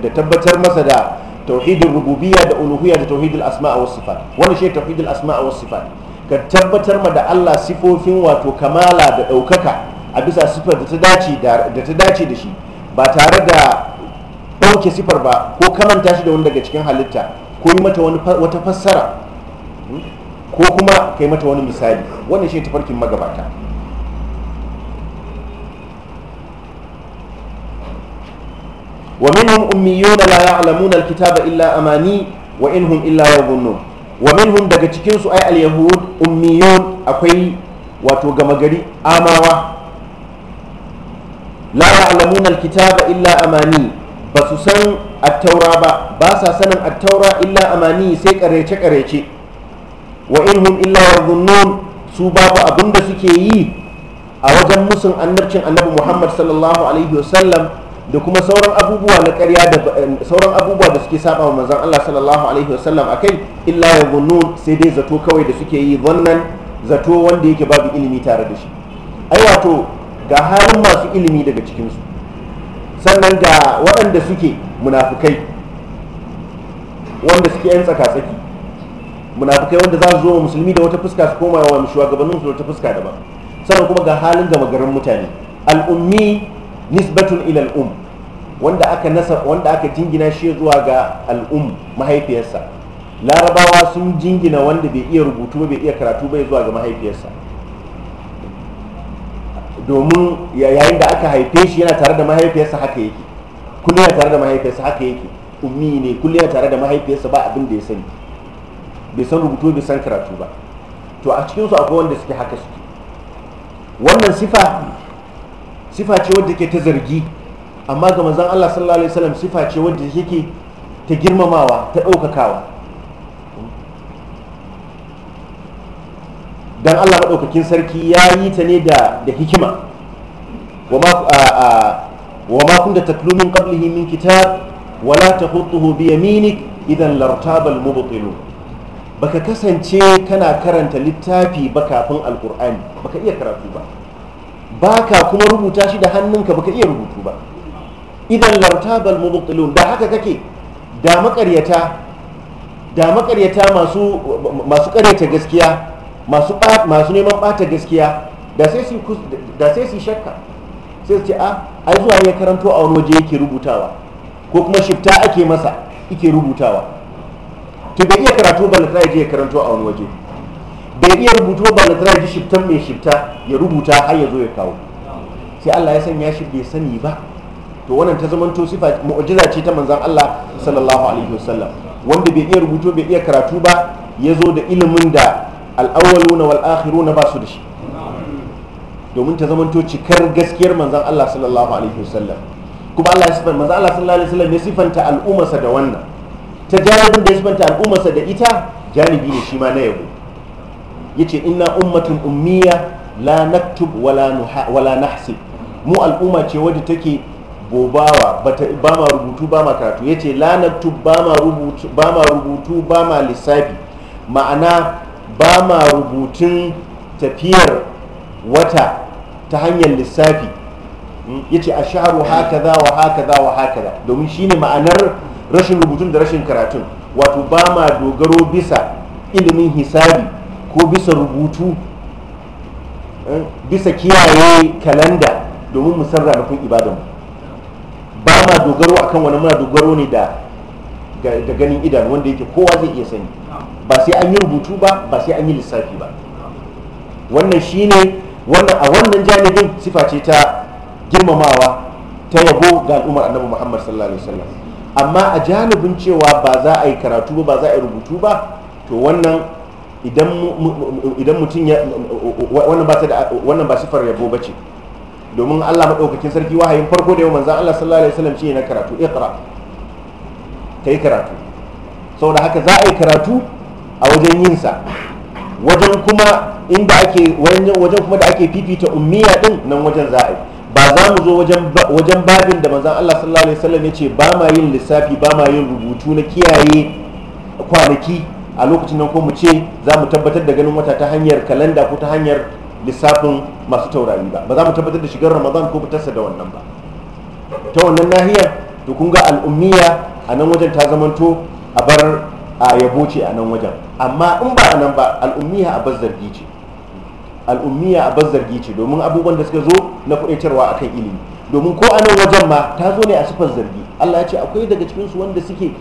da tabbatar masa da tauhidin rububiyya da uluhiyya da tauhidul asma'a was sifat wannan shi tauhidul asma'a was sifat ka tabbatar ma da Allah sifofin wato kamala da ɗaukaka a bisa sifar da ta dace da shi ba tare da ɗauke sifar ba ko kamanta shi da wani daga cikin halitta ko yi mata wata fassara hmm, ko kuma kai mata wani misali wannan shi tafarkin magabata Wa ومنهم أميون لا يعلمون الكتاب إلا أماني وإنهم إلا يظنون ومنهم daga cikin su ay al yahud ummiyun akwai wato gama gari amawa la ya'lamuna al kitaba illa amani basu san at-taura ba ba sa sanin at-taura illa amani sai karece karece wa inhum illa yadhunnun su babu abinda suke yi a wajen musun annabcin annabi Muhammad sallallahu alaihi wasallam da kuma sauran abubuwa na ƙarya da eh, sauran abubuwa da suke saba wa manzon Allah sallallahu alaihi wasallam akai illa ya gunu sai dai zato kawai da suke yi wannan zato wanda yake babu ilimi tare da shi ai wato ga halin masu ilimi daga cikin su sannan ga waɗanda suke munafukai wanda suke yan tsaka tsaki munafukai wanda za su zo musulmi da wata fuska su koma wa shugabannin su da wata fuska daban sannan kuma ga halin gama garin mutane al'ummi nisbatun ila al'um wanda aka nasa wanda aka jingina shi zuwa ga al'um mahaifiyarsa larabawa sun jingina wanda bai iya rubutu ba bai iya karatu ba zuwa ga mahaifiyarsa domin yayin da aka haife shi yana tare da mahaifiyarsa haka yake kullum yana tare da mahaifiyarsa haka yake ummi ne kullum yana tare da mahaifiyarsa ba abin da ya sani bai san rubutu bai san karatu ba to a cikinsu akwai wanda suke haka suke wannan sifa sifa ce wadda ke ta zargi amma ga manzon Allah sallallahu alaihi wasallam sifa ce wadda yake ta girmamawa ta ɗaukakawa dan Allah maɗaukakin sarki ya yi ta ne da hikima wa ma kunta tatlu min qablihi min kitab wala tahutuhu bi yaminik idan lartabal mubtilu baka kasance kana karanta littafi ba kafin alqur'ani baka iya karatu ba baka kuma rubuta shi da hannunka baka iya rubutu ba idan lartabal mubtilun da haka kake da makaryata da makaryata masu masu karyata gaskiya masu masu neman bata gaskiya da sai su da sai su shakka sai su ce a ah, ai zuwa ya karanto a wani waje yake rubutawa ko kuma shifta ake masa yake rubutawa to bai iya karatu ba na je ya karanto a wani waje bai iya rubutu ba na tana ji shiftan mai shifta ya rubuta har ya zo ya kawo sai Allah ya sanya shi bai sani ba to wannan ta zamanto sifa mu'jiza ce ta manzon Allah sallallahu alaihi wasallam wanda bai iya rubutu bai iya karatu ba ya zo da ilimin da al-awwaluna wal akhiruna ba su da shi domin ta zamanto cikar gaskiyar manzon Allah sallallahu alaihi wasallam kuma Allah ya sifanta manzon Allah sallallahu alaihi wasallam ya sifanta al'ummarsa da wannan ta jarabin da ya sifanta al'ummarsa da ita janibi ne shi ma na yabo yace inna ummatun ummiya la naktub wala wala nahsib mu al'umma ce wadda take bobawa ba ma rubutu ba ma karatu yace la naktub ba ma rubutu ba ma lissafi ma'ana ba ma rubutun tafiyar wata ta hanyar lissafi hmm, yace a shaharu haka za wa haka za wa haka za domin shine ma'anar rashin rubutun da rashin karatun wato ba ma dogaro bisa ilimin hisabi ko bisa rubutu eh, bisa kiyaye kalanda domin mu san ranakun ibadanmu ba ma dogaro akan wani muna dogaro ne da da ganin idan wanda yake kowa zai iya sani ba sai an yi rubutu ba ba sai an yi lissafi ba wannan shine wannan a wannan janibin sifa ce ta girmamawa ta yabo ga al'ummar annabi muhammad sallallahu alaihi wasallam amma a janibin cewa ba za a yi karatu ba ba za a yi rubutu ba to wannan idan mutum ya wannan ba sifar yabo ba ce domin allah maɗaukakin sarki wahayin farko da yau manzan allah sallallahu alaihi wasallam shi ne na karatu iqra ka yi karatu saboda haka za a yi karatu a wajen yinsa wajen kuma inda ake wajen kuma da ake fifita ummiya din nan wajen za a yi ba za mu zo wajen babin da manzan allah sallallahu alaihi wasallam ya ce ba ma yin lissafi ba ma yin rubutu na kiyaye kwanaki a lokacin nan ko mu ce za mu tabbatar da ganin wata ta hanyar kalanda ko ta hanyar lissafin masu taurari ba ba za mu tabbatar da shigar ramadan ko fitarsa da wannan ba ta wannan nahiyar to kun ga al'ummiya a nan wajen ta zamanto a bar a yabo ce a nan wajen amma in ba a nan ba al'ummiya a bar zargi ce al'ummiya a bar zargi ce domin abubuwan da suka zo na a kan ilimi domin ko a nan wajen ma ta zo ne a sifar zargi allah ya ce akwai daga cikinsu wanda suke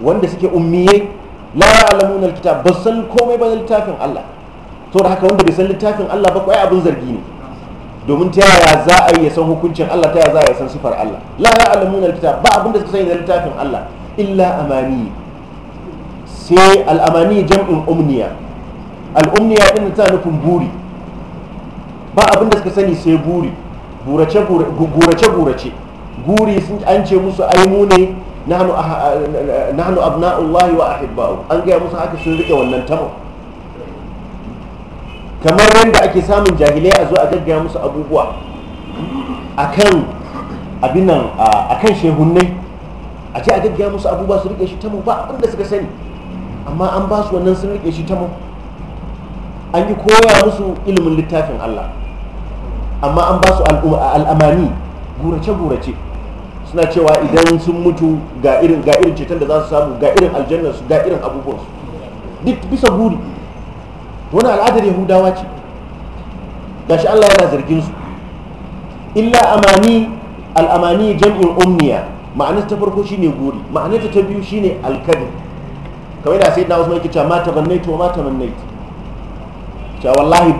wanda suke ummiye la ya'lamun alkitab ba san komai ba littafin Allah to da haka wanda bai san littafin Allah ba kai abin zargi ne domin ta yaya za a yi ya san hukuncin Allah ta yaya za a yi san sifar Allah la ya'lamun alkitab ba abin da suka sani da littafin Allah illa amani sai al'amani jam'in umniya al'umniya din ta nufin buri ba abin da suka sani sai buri burace burace guri an ce musu aimu ne nahnu ah, ah, nahnu abna'ullahi wa ahibba'u an gaya musu haka sun rike wannan tabo kamar yadda ake samun jahilai a zo a gaggaya musu abubuwa akan abinan akan shehunnai a ce a gaggaya musu abubuwa su rike shi tamam ba abinda suka sani amma an ba su wannan sun rike shi tamam an yi koya musu ilimin littafin Allah amma an ba su al'amani gurace-gurace suna cewa idan sun mutu ga irin ga irin ceton da za su samu ga irin aljannar su ga irin abubuwan su duk bisa buri wani al'adar yahudawa ce gashi Allah yana zargin su illa amani al'amani jam'in umniya ma'ana ta farko shine guri ma'ana ta biyu shine alkadir kamar da sayyidina Usman yake cewa ma tabannaitu wa ma tamannaitu cewa wallahi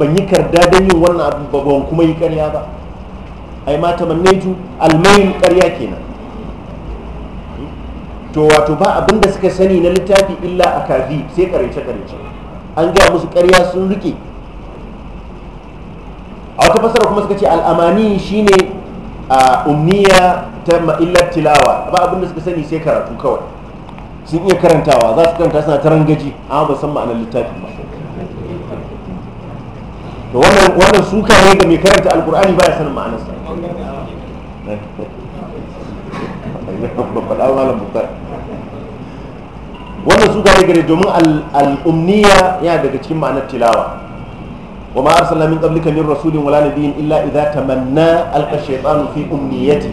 ban yi karda don yin wannan abu ba ban kuma yi karya ba ai ma manneju almayin ƙarya kenan to wato ba abin da suka sani na littafi illa a kazi sai karance karance an gaya musu ƙarya sun rike a wata fasara kuma suka ce al'amani shine a umniya ta illar tilawa ba abin da suka sani sai karatu kawai sun iya karantawa za su karanta suna ta rangaji amma ba san ma'anar littafin ba to wannan suka ne ga mai karanta alkur'ani baya sanin ma'anarsa wannan suka ne gare domin al'umniya yana daga cikin ma'anar tilawa wa ma arsalna min qablika min rasulin wala nabiyyin illa idza tamanna alqa shaytanu fi umniyati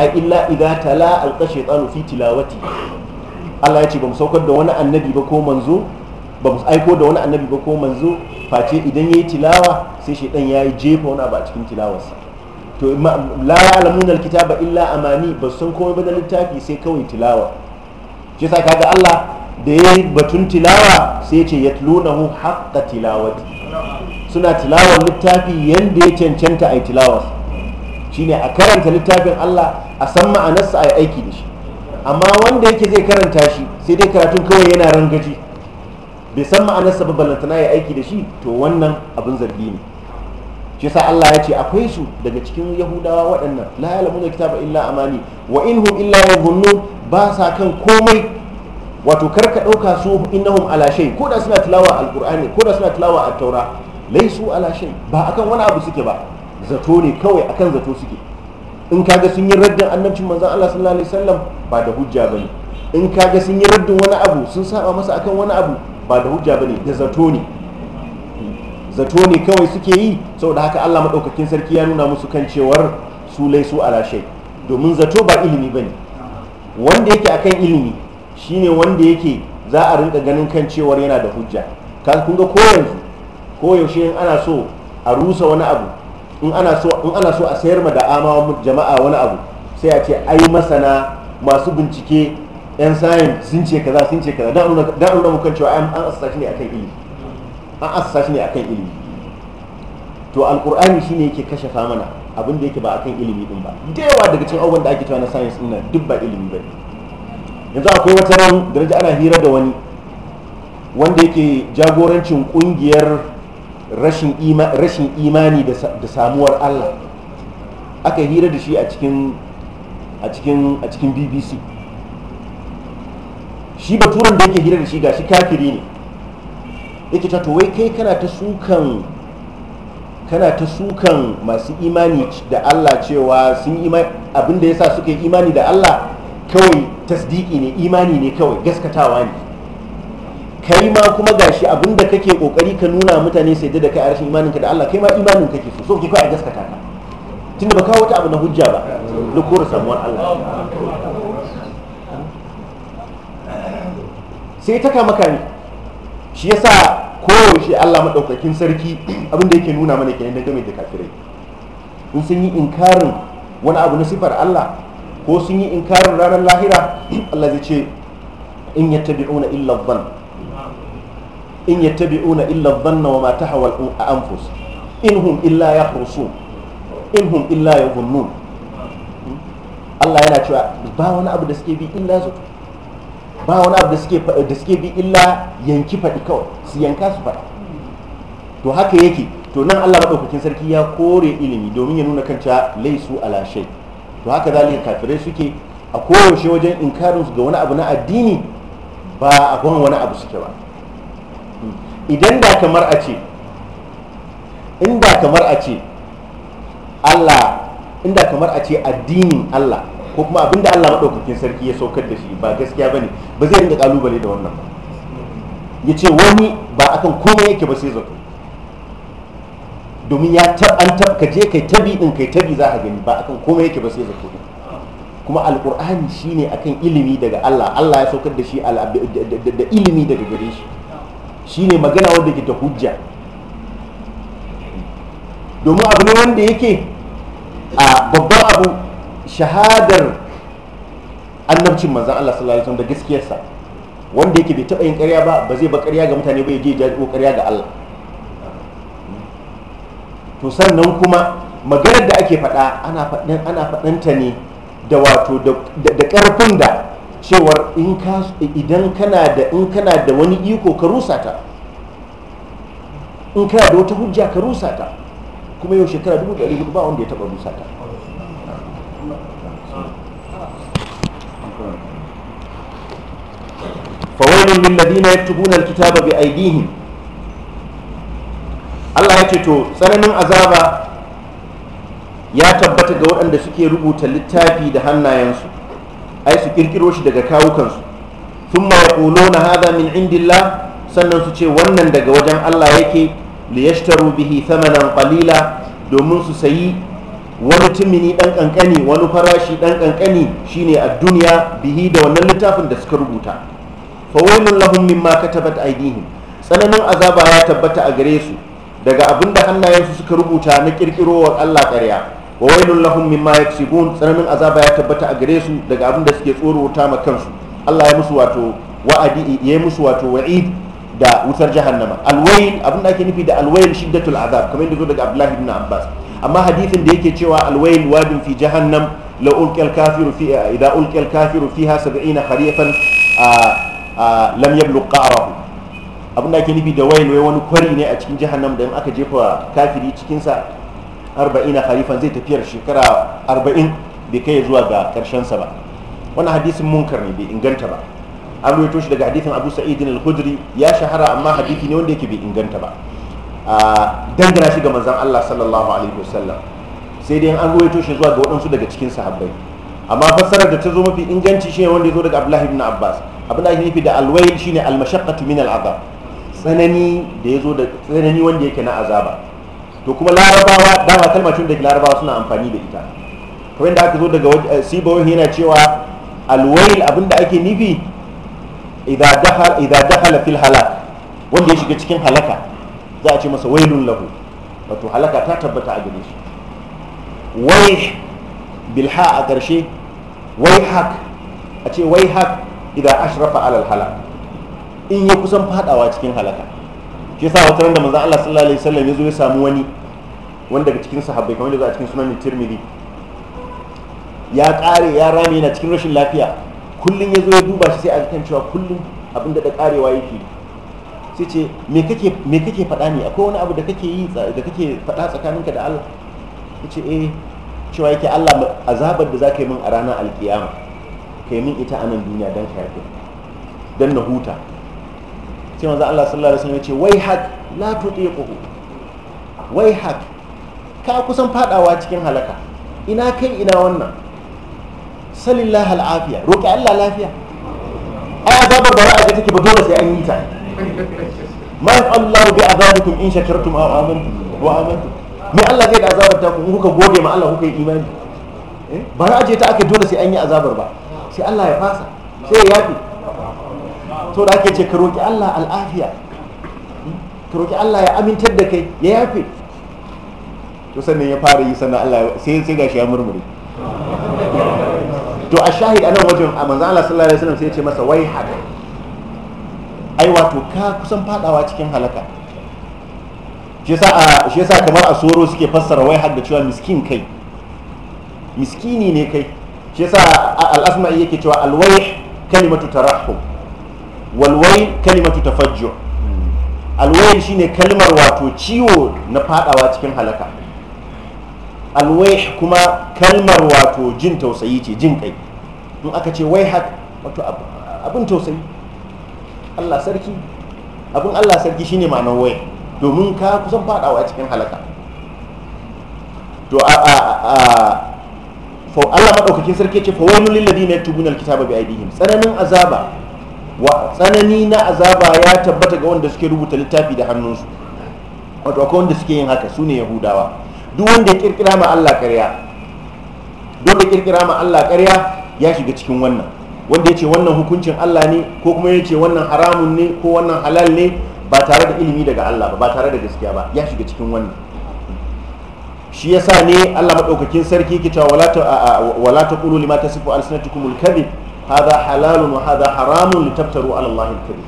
ay illa idza tala alqa shaytanu fi tilawati Allah ya ce ba mu saukar da wani annabi ba ko manzo ba mu aiko da wani annabi ba ko manzo face idan ya yi tilawa sai shaidan yi jefa wani abu a cikin tilawarsa to la ya'lamuna alkitaba illa amani ba san komai ba da littafi sai kawai tilawa shi sa kaga Allah da yayi batun tilawa sai ya ce yatlunahu haqqa tilawati suna tilawar littafi yanda ya cancanta a ai tilawarsa shine a karanta littafin Allah a san ma'anarsa a yi aiki da shi amma wanda yake zai karanta shi sai dai karatun kawai yana rangaji bai san ma'anarsa ba ballantana ya aiki da shi to wannan abin zargi ne shi sa Allah ya ce akwai su daga cikin yahudawa waɗannan la ya'lamuna kitaba illa amani wa inhum illa yadhunnun ba sa kan komai wato karka ɗauka su innahum ala shay ko da suna tilawa alqur'ani ko da suna tilawa at-taura laisu ala shay ba akan wani abu suke ba zato ne kawai akan zato suke in kaga sun yi raddin annabcin manzon Allah sallallahu alaihi wasallam ba da hujja bane in kaga sun yi raddin wani abu sun saba masa akan wani abu ba da hujja bane da zato ne zato ne kawai suke yi saboda haka Allah maɗaukakin sarki ya nuna musu kan cewar su laisu a domin zato ba ilimi bane wanda yake akan ilimi shi ne wanda yake za a rinka ganin kan cewar yana da hujja kun ga ko ko yaushe in ana so a rusa wani abu in ana so in ana so a sayar ma da amawa jama'a wani abu sai a ce ai masana masu bincike yan sayin sun ce kaza sun ce kaza dan nuna kan cewa an asasa shi ne akan ilimi an asasa shi ne akan ilimi to alkur'ani ne yake kashe famana abin da yake ba akan ilimi din ba da yawa daga cikin abubuwan da ake cewa na science din nan duk ba ilimi ba yanzu akwai wata ran da ana hira da wani wanda yake jagorancin kungiyar rashin imani da samuwar Allah aka hira da shi a cikin a cikin BBC shi baturan da yake hira da shi gashi kafiri ne yake ta to wai kai kana ta sukan kana ta sukan masu imani da Allah cewa sun abin da yasa suka yi imani da Allah kawai tasdiki ne imani ne kawai gaskatawa ne kai ma kuma gashi da kake kokari ka nuna mutane sai da kai a rashin ka da Allah kai ma imanin kake so so ke kai a gaskata ka tunda ba kawo wata abu na hujja ba na kora samuwar Allah sai ta kama kame shi yasa koyaushe Allah maɗaukakin sarki abin da yake nuna mana kenan dangane da kafirai in sun yi inkarin wani abu na sifar Allah ko sun yi inkarin ranar lahira Allah zai ce in yattabi'una illa dhann in yattabi'una illa dhanna wa ma tahawal anfus in hum illa yakhrusun in hum illa yadhunnun hmm? Allah yana cewa ba wani abu da suke bi illa zato ba wani abu da suke bi illa yanki faɗi kawai su yanka su faɗa to haka yake to nan Allah maɗaukakin sarki ya kore ilimi domin ya nuna kanta laisu ala to haka zalika kafirai suke a koyaushe wajen inkarinsu ga wani abu na addini ba a kan wani abu suke ba idan da kamar a ce inda kamar a ce Allah inda kamar a ce addinin Allah ko kuma abin da Allah maɗaukakin sarki ya saukar da shi ba gaskiya bane ba zai rinka kalubale da wannan ya ce wani ba akan komai yake ba sai zato domin ya tab an tab ka je kai tabi din kai tabi za ka gani ba akan komai yake ba sai zato kuma alqur'ani shine akan ilimi daga Allah Allah ya saukar da shi da ilimi daga gare shi shine magana wanda ke ta hujja domin abu ne wanda yake a babban abu shahadar annabcin manzan Allah sallallahu alaihi wasallam da gaskiyarsa wanda yake bai taɓa yin ƙarya ba ba zai ba ƙarya ga mutane ba ya je ya jawo ƙarya ga Allah to sannan kuma maganar da ake faɗa ana faɗin ana faɗanta ne da wato da ƙarfin da cewar in ka idan kana da in kana da wani iko ka rusa ta in kana da wata hujja ka rusa ta kuma yau shekara 1400 ba wanda ya taɓa rusa ta fawailun lil ladina kitaba alkitaba bi aydihim Allah ya ce to tsananin azaba ya tabbata ga waɗanda suke rubuta littafi da hannayensu ai su kirkiro shi daga kawukansu sun ma na hada min indillah sannan su ce wannan daga wajen Allah yake liyashtaru bihi thamanan qalila domin su sayi wani timini dan kankani wani farashi dan kankani shine a duniya bihi da wannan littafin da suka rubuta fawailun lahum mimma katabat aydihim tsananin azaba ya tabbata a gare su daga abinda hannayensu suka rubuta na kirkirowar Allah ƙarya wawailun lahum mimma yaksibun tsananin azaba ya tabbata a gare su daga abinda suke tsorota ma kansu Allah ya musu wato wa'adi ya musu wato wa'id da wutar jahannama abin da ake nufi da alwai shiddatul azab kamar yadda zo daga Abdullahi ibn Abbas amma hadisin da yake cewa alwail wadin fi jahannam la ulqiyal kafiru fi idza ulqiyal kafiru fiha 70 kharifan lam yablu qarahu abin da ake nufi da wayin wai wani kwari ne a cikin jahannam da in aka jefa kafiri cikin sa 40 khalifan zai tafiyar shekara 40 bai kai zuwa ga karshen sa ba wannan hadisin munkar ne bai inganta ba an rawaito shi daga hadisin Abu Sa'id al-Khudri ya shahara amma hadisi ne wanda yake bai inganta ba dangana shi ga manzon Allah sallallahu alaihi wasallam sai dai an ruwaito shi zuwa ga waɗansu daga cikin sahabbai amma fassarar da ta zo mafi inganci shi ne wanda ya zo daga Abdullahi ibn Abbas abin da ake nufi da alwail shine almashaqqatu min al'azab tsanani da yazo da tsanani wanda yake na azaba to kuma larabawa dama kalmar tun da larabawa suna amfani da ita kamar yadda aka zo daga eh, sibawi yana cewa alwail abin da ake nufi idza dakhala idza dakhala fil halak wanda ya shiga cikin halaka za a ce masa wailun lahu wato halaka ta tabbata a gare shi wai bilha a ƙarshe wai hak a ce wai hak idan ashrafa alal halak in ya kusan fadawa cikin halaka shi yasa wata da manzon Allah sallallahu alaihi wasallam ya zo ya samu wani wanda daga cikin sahabbai kamar da a cikin sunan Tirmidhi ya kare ya rame yana cikin rashin lafiya kullun ya zo ya duba shi sai a kan cewa kullun abin da da karewa yake sai ce me kake me kake fada ne akwai wani abu da kake yi da kake fada tsakaninka da Allah yace eh cewa yake Allah azabar da zaka yi min a ranar alkiyama Ka yi min ita anan duniya don ka yafe don na huta sai manzo Allah sallallahu alaihi wasallam ya ce wai hak la tutiquhu wai hak ka kusan fadawa cikin halaka ina kai ina wannan salillah al'afiya roƙi Allah lafiya ai azabar da ra'a take ba dole sai an yi ta ma Allah bi azabikum in shakartum aw amantum wa amantum me Allah zai da azabar ta ku kuka gode ma Allah kuka yi imani eh, ba ra'a ce ta aka dole sai an yi azabar ba sai Allah ya fasa sai ya yafi to da ake ce ka roƙi Allah al'afiya ka roƙi Allah ya amintar da kai ya yafe to sannan ya fara yi sannan Allah sai sai gashi ya murmure to a shahid anan wajen a manzo Allah sallallahu alaihi wasallam sai ya ce masa wai haka ai wato ka kusan fadawa cikin halaka shi yasa shi yasa kamar a soro suke fassara wai haka cewa miskin kai miskini ne kai shi yasa al-asma'i yake cewa alwai kalimatu tarahum walwai kalimatu fajjo alwai shine kalmar wato ciwo na fadawa cikin halaka alwai kuma kalmar wato jin tausayi ce jin kai in aka ce wai hak wato abin tausayi Allah sarki abin Allah sarki shine ma'anar wai domin ka kusan fadawa cikin halaka to a Allah maɗaukakin sarki ce fa wani lillabi ne na alkitaba bi aidihim tsananin azaba wa tsanani na azaba ya tabbata ga wanda suke rubuta littafi da hannunsu wato akwai wanda suke yin haka sune yahudawa duk wanda ya kirkira ma Allah ƙarya duk ya kirkira ma Allah ƙarya ya shiga cikin wannan wanda ya ce wannan hukuncin Allah ne ko kuma ya ce wannan haramun ne ko wannan halal ne ba tare da ilimi daga Allah ba ba tare da gaskiya ba ya shiga cikin wannan shi yasa ne Allah madaukakin sarki ke walata wala ta wala ta qulu lima tasifu alsinatukum alkadhib halalun wa hadha haramun litaftaru ala Allah alkadhib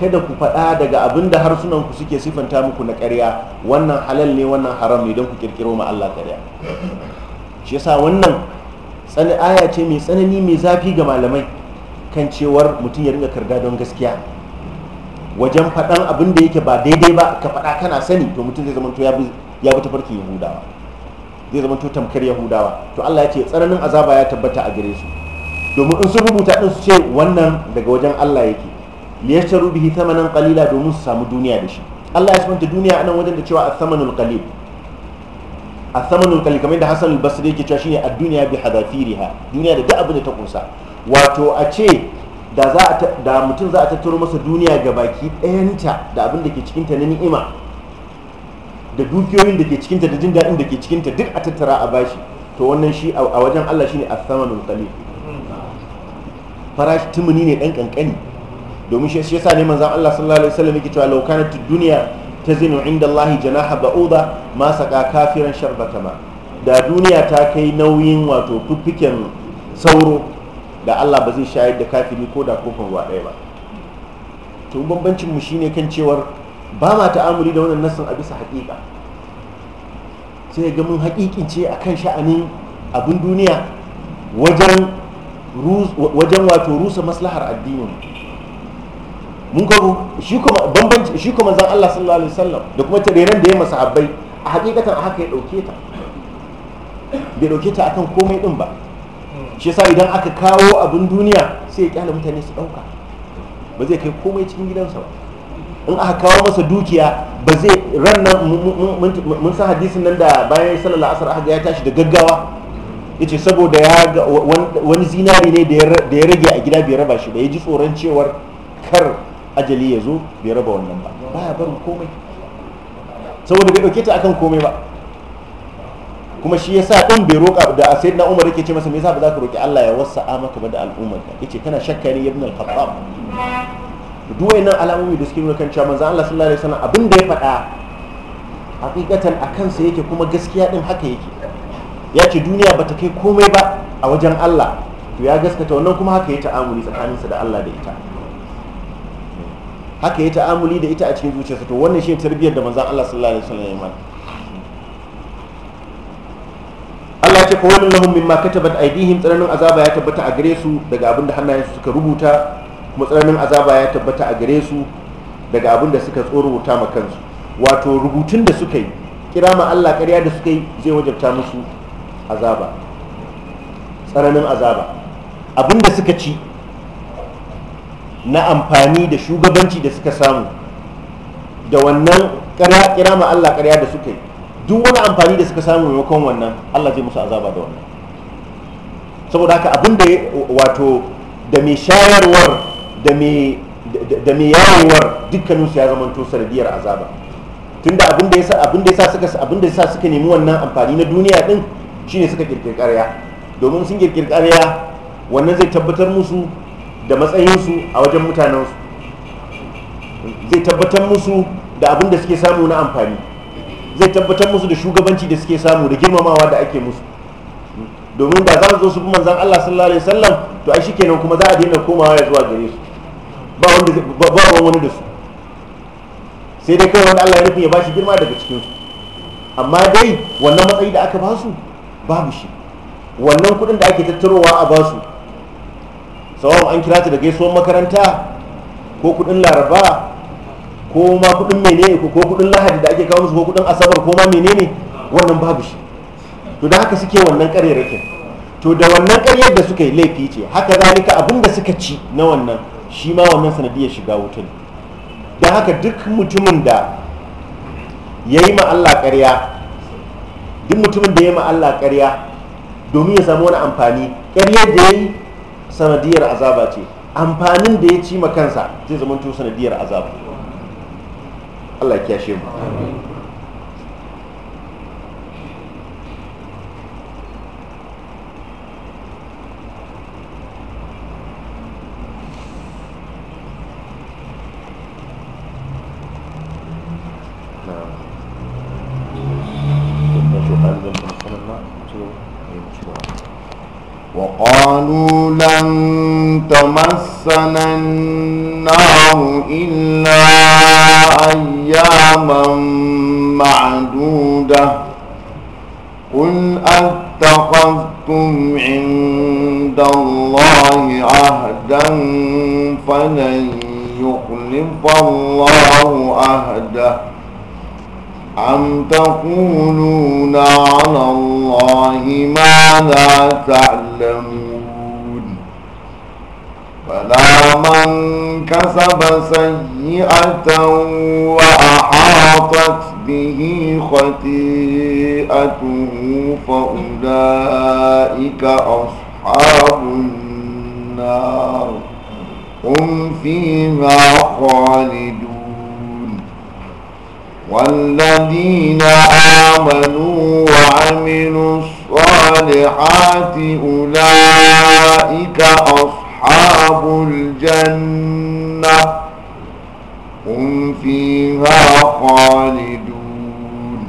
kada ku faɗa daga abin da harsunan ku suke sifanta muku na karya wannan halal ne wannan haram ne don ku kirkiro ma Allah ƙarya shi yasa wannan tsani aya ce mai tsanani mai zafi ga malamai kan cewar mutum ya ringa karga don gaskiya wajen faɗan abin da yake ba daidai ba ka faɗa kana sani to mutum zai zama to ya bi tafarki yahudawa zai zama to tamkar yahudawa to Allah ya ce tsananin azaba ya tabbata a gare su domin in sun rubuta din su ce wannan daga wajen Allah yake liyashtaru bihi thamanan qalila domin su samu duniya da shi Allah ya sabanta duniya anan wajen da cewa athamanul qalil athamanul qalil kamar da Hassan al-Basri yake cewa shine ad-dunya bi hadafiriha duniya da duk abin da ta kunsa wato a ce da za da mutum za a tattaro masa duniya ga baki ɗayanta da abin da ke cikin ta na ni'ima da dukiyoyin da ke cikinta da jin daɗin da ke cikinta duk a tattara a bashi to wannan shi a wajen Allah shi ne a saman samanul qalil farashi tumuni ne dan kankani domin shi yasa ne manzon Allah sallallahu alaihi wasallam yake cewa law Ta duniya ta zina inda Allah janaha oba ma saka kafiran sharbata ma da duniya ta kai nauyin wato fuffiken sauro da Allah ba zai shayar da kafiri ko da kofin ruwa ɗaya ba to bambancin mu shine kan cewar ba ma ta'amuli da wannan nassin a bisa haƙiƙa sai ga mun haƙiƙince a kan sha'anin abin duniya wajen wato rusa maslahar addinin mun kago shi kuma zan Allah sallallahu alaihi wasallam da kuma tareren da ya masa habbai a haƙiƙatan a haka ya dauke ta bai ɗauke ta akan komai din ba hmm. shi sa idan aka kawo abin duniya sai ya kyale mutane su ɗauka ba zai kai komai cikin gidansa ba in aka kawo masa dukiya ba zai ran mun san hadisin nan da bayan sallar asar aka ya tashi da gaggawa yace saboda ya ga wani zinari ne da ya rage a gida bai raba shi da ya ji tsoron cewar kar ajali ya zo bai raba wannan ba baya barin komai saboda bai dauke ta akan komai ba kuma shi yasa din bai roƙa da sayyidina Umar yake ce masa me yasa ba za ka roƙi Allah ya wasa'a maka ba da al'ummar ka yace kana shakka ne ibn al-Khattab duk wayannan alamomi da suke nuna kan cewa manzon Allah sallallahu alaihi wasallam abin da ya faɗa hakikatan a kansa yake kuma gaskiya din haka yake ya ce duniya bata kai komai ba a wajen Allah to ya gaskata wannan kuma haka ya ta'amuli tsakaninsa da Allah da ita haka ya ta'amuli da ita a cikin zuciyarsa to wannan shi tarbiyyar da manzon Allah sallallahu alaihi wasallam ya mana Allah ce fa lahum mimma katabat aydihim tsananin azaba ya tabbata a gare su daga abin da hannayensu suka rubuta matsalolin azaba ya tabbata a gare su daga abin da suka tsorubuta ma kansu wato rubutun da suka yi kira ma Allah ƙarya da suka yi zai wajabta musu azaba tsananin azaba abin da suka ci na amfani da shugabanci da suka samu da wannan kira ma Allah ƙarya da suka yi duk wani amfani da suka samu maimakon wannan Allah zai musu azaba da wannan saboda haka abin da wato da mai shayarwar da mai yawowar dukkaninsu ya to sanadiyar azaba tun da abin da ya suka abin da suka nemi wannan amfani na duniya din shine suka kirkir karya domin sun kirkir karya wannan zai tabbatar musu da matsayinsu a wajen mutanensu zai tabbatar musu da abin da suke samu na amfani zai tabbatar musu da shugabanci da suke samu da girmamawa da ake musu domin da za su zo su bi manzan Allah sallallahu alaihi wasallam to ai shikenan kuma za a daina komawa ya zuwa gare su ba wanda ba wani da su sai dai kai wani Allah ya nufi ya bashi girma daga cikin su amma dai wannan matsayi da aka basu babu shi wannan kudin da ake tattarowa a basu sawan an kira ta da gaisuwan makaranta ko kudin laraba ko ma kudin menene ko kudin lahadi da ake kawo musu ko kudin asabar ko ma menene wannan babu shi to da haka suke wannan ƙarerakin to da wannan karyar da suka yi laifi ce haka zalika abin da suka ci na wannan shi ma wannan sanadiyar shiga wuta don haka duk mutumin da ya yi Allah ƙarya duk mutumin da ya yi Allah karya domin ya samu wani amfani karya da ya yi sanadiyar azaba ce amfanin da ya ci ma zai zama to sanadiyar azaba Allah ya kyashe mu قالوا لن تمسنا النار إلا أياما معدودة قل أتخذتم عند الله عهدا فلن يخلف الله عهده أم تقولون على الله ما لا تعلمون فلا من كسب سيئة وأحاطت به خطيئته فأولئك أصحاب النار هم فيها خالدون والذين آمنوا وعملوا الصالحات أولئك أصحاب أصحاب الجنة هم فيها خالدون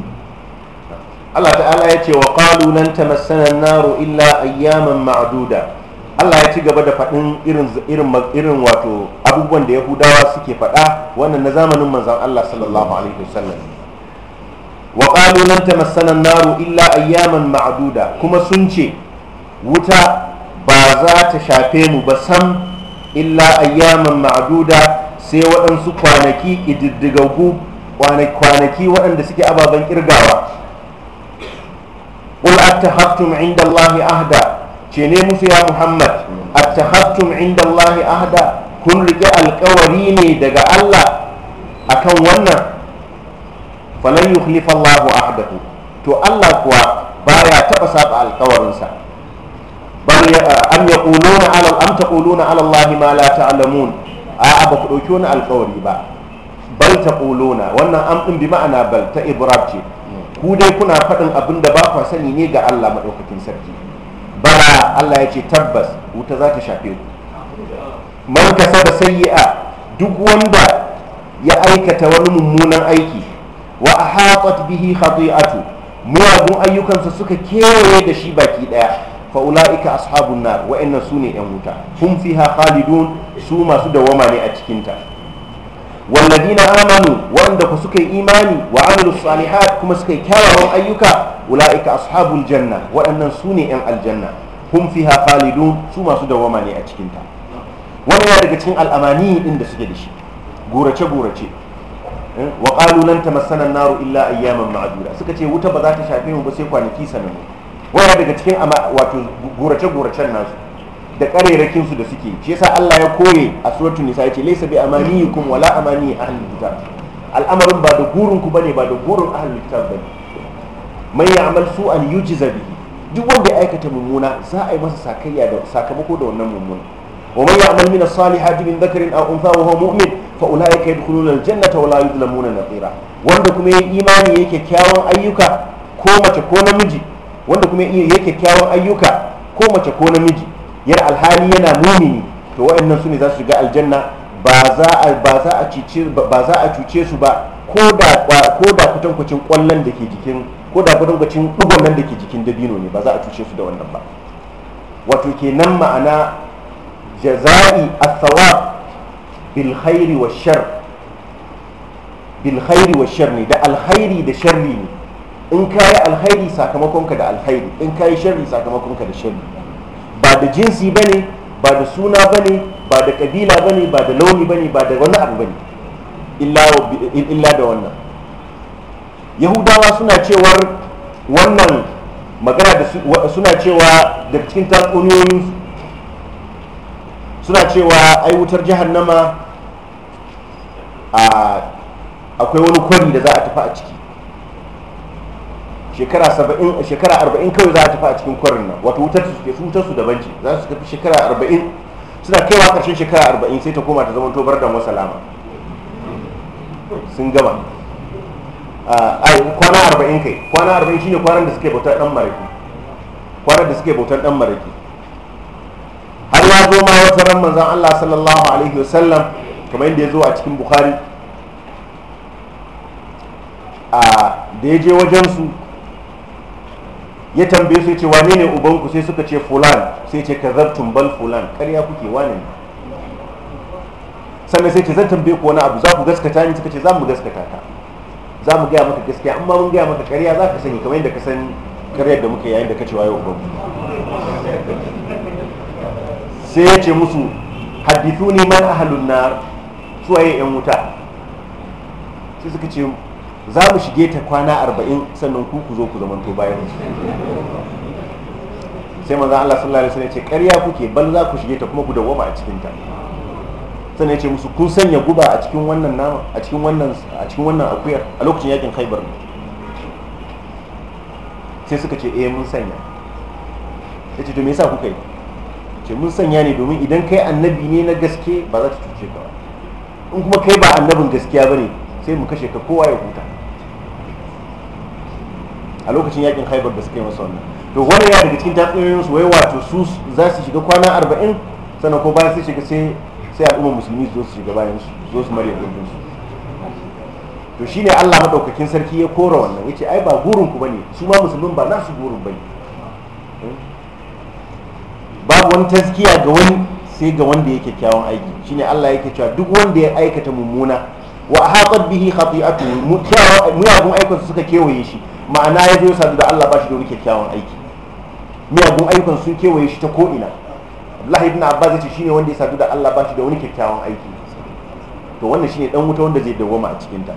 الله تعالى يتي وقالوا لن تمسنا النار إلا أياما معدودة Allah ya ci gaba da faɗin irin irin irin wato abubuwan da Yahudawa suke faɗa wannan na zamanin manzon Allah sallallahu alaihi wasallam wa qalu lan tamassana an-naru illa ayyaman ma'duda kuma sun ce wuta ba za ta shafe mu ba sam illa ayyaman ma'duda sai waɗansu kwanaki ƙididdigaggu kwanaki waɗanda suke ababen ƙirgawa قل أتخذتم عند الله أهدا شيني يا محمد أتخذتم عند الله أهدا كن رجاء القوريني دقا الله أكون ونا فلن يخلف الله أحده تو الله كوا بايا تقصاب القورنسا Eh, am yaquluna ala am taquluna ala allahi ma la ta'lamun a'a ba ku dauki wani alƙawari ba bal taquluna wannan am din bi ma'ana bal ta ibrab ce ku dai kuna faɗin abin da ba kwa sani ne ga Allah madaukakin sarki bala Allah ya ce tabbas wuta za ta shafe ku man kasaba sayyi'a duk wanda ya aikata wani mummunan aiki wa ahatat bihi khati'atu muwagun ayyukansa suka kewaye da shi baki daya fa ulaika ashabun nar wa'annan ne yan wuta hum fiha khalidun su masu dawama ne a cikin ta na amanu wanda ku suka yi imani wa amilu salihat kuma suka yi kyawawan ayyuka ulaika ashabul janna waɗannan sune yan aljanna hum fiha khalidun su masu dawama ne a cikin ta wannan daga cikin al'amani din da suke da shi gurace gorace wa qalu lan tamassana an-naru illa ayyaman ma'dura suka ce wuta ba za ta shafe mu ba sai kwanaki sanannu waya daga cikin wato gurace-guracen nasu da karerakin su da suke shi yasa Allah ya kore a suratul nisa yace laysa bi amaniyikum wala amani ahlul kitab al'amarin ba da gurin ku bane ba da gurin ahlul kitab bane man ya'mal su'an yujza bihi duk wanda ya aikata mummuna za a yi masa sakayya da sakamako da wannan mummuna wa man ya'mal min as-salihati min dhakarin aw untha wa huwa mu'min fa ulaika yadkhuluna al-jannata wa la yuzlamuna naqira wanda kuma yayi imani yake kyawun ayyuka ko mace ko namiji wanda kuma iya yi kyakkyawan ayyuka ko mace ko namiji yana alhali yana mumini to wa'annan su ne za su shiga aljanna ba za a cuce su ba ko da kwatankwacin kwallon da ke jikin ko da kwatankwacin da ke jikin dabino ne ba za a cuce su da wannan ba wato ke nan ma'ana jaza'i athawab bil wa shar ne da alhairi da sharri ne in ka yi alhairi sakamakonka da alhairi in ka yi sharri sakamakonka da sharri ba da jinsi ba ne ba da suna ba ne ba da kabila ba ne ba da launi ba ne ba da wani abu ba ne illa da wannan yahudawa suna cewar wannan magana da suna cewa da cikin tatsuniyoyinsu suna cewa ai wutar jahannama akwai wani kwari da za a tafi a ciki shekara 70 shekara arba'in kawai za a tafi a cikin kwarin nan wato wutar su ke wutar su daban ce za su tafi shekara arba'in suna kaiwa karshen shekara arba'in sai ta koma ta zama tobar da lama sun gama ai kwana arba'in kai kwana arba'in shine kwanan da suke bautar dan maraki kwanan da suke bautar dan maraki har ya zo ma wata ran manzon Allah sallallahu alaihi wasallam kamar yadda ya zo a cikin Bukhari a da ya je su ya tambaye su ce wa ne ubanku sai suka ce fulan sai ce zartun bal fulan karya kuke wane ne sannan sai ce zan tambaye ku wani abu za ku gaskata ni suka ce za mu gaskata ka za mu gaya maka gaskiya amma mun gaya maka karya za ka sani kamar yadda ka san karyar da muka yayin da ka ce wayo ubanku sai ya ce musu hadithuni man ahalun nar suwaye yan wuta sai suka ce za mu shige ta kwana arba'in sannan ku ku zo ku to bayan sai manzo Allah sallallahu alaihi wasallam ya ce ƙarya kuke bal za ku shige ta kuma ku dawwama a cikin ta sannan ya ce musu kun sanya guba a cikin wannan nama a cikin wannan a cikin wannan akuyar a lokacin yakin Khaibar ne sai suka ce eh mun sanya ce to me yasa kuka yi ce mun sanya ne domin idan kai annabi ne na gaske ba za ta cuce ka ba in kuma kai ba annabin gaskiya ba ne sai mu kashe ka kowa ya huta a lokacin yakin haibar da suka yi masa wannan to wani ya daga cikin tatsuniyoyin su wai wato su za su shiga kwana arba'in sannan ko bayan su shiga sai sai al'ummar musulmi su zo su shiga bayan su zo su mariya gurbin su to shine Allah madaukakin sarki ya kora wannan ce ai ba gurin ku bane su ma musulmin ba nasu gurin bane eh? babu wani taskiya ga wani sai ga wanda yake kyawun aiki shine Allah yake cewa duk wanda ya aikata mummuna wa a haƙar bihi khati'atuhu muyagun aikinsa suka kewaye shi ma'ana ya zo ya sadu da Allah ba shi da wani kyakkyawan aiki miyagun ayyukan sun kewaye shi ta ko'ina Abdullahi ibn Abbas ce shine wanda ya sadu da Allah ba shi da wani kyakkyawan aiki to wannan shine dan wuta wanda zai dawwama a cikin ta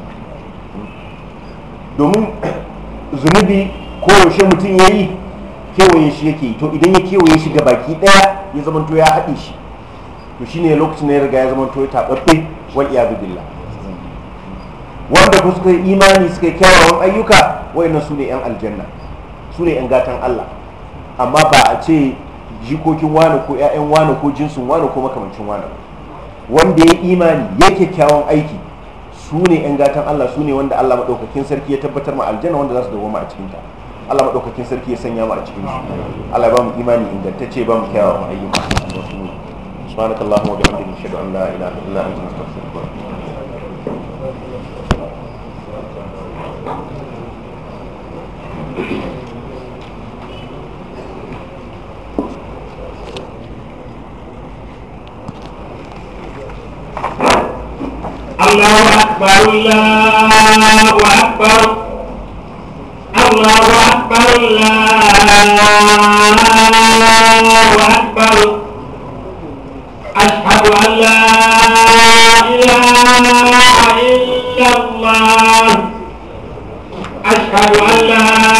domin zunubi ko yaushe mutum yayi kewaye shi yake to idan ya kewaye shi ga baki daya ya zamanto ya haɗe shi to shine lokacin da ya riga ya zamanto ya tababbe wal iyadu billah wanda ku suka imani suka kyawawan ayyuka wayannan su ne 'yan aljanna su ne 'yan gatan Allah amma ba a ce jikokin wane ko 'ya'yan wane ko jinsin wane ko makamancin wane wanda ya imani ya kyakkyawan aiki su ne 'yan gatan Allah su ne wanda Allah maɗaukakin sarki ya tabbatar ma aljanna wanda za su dawo ma a cikinta Allah maɗaukakin sarki ya sanya mu a cikin su Allah ya ba mu imani ingantacce ba mu kyawawan ayyuka subhanakallahumma wa bihamdika ashhadu an la ilaha illa anta astaghfiruka wa atubu ilaik الله أكبر الله أكبر الله أكبر الله أكبر أشهد أن إله إلا الله أشهد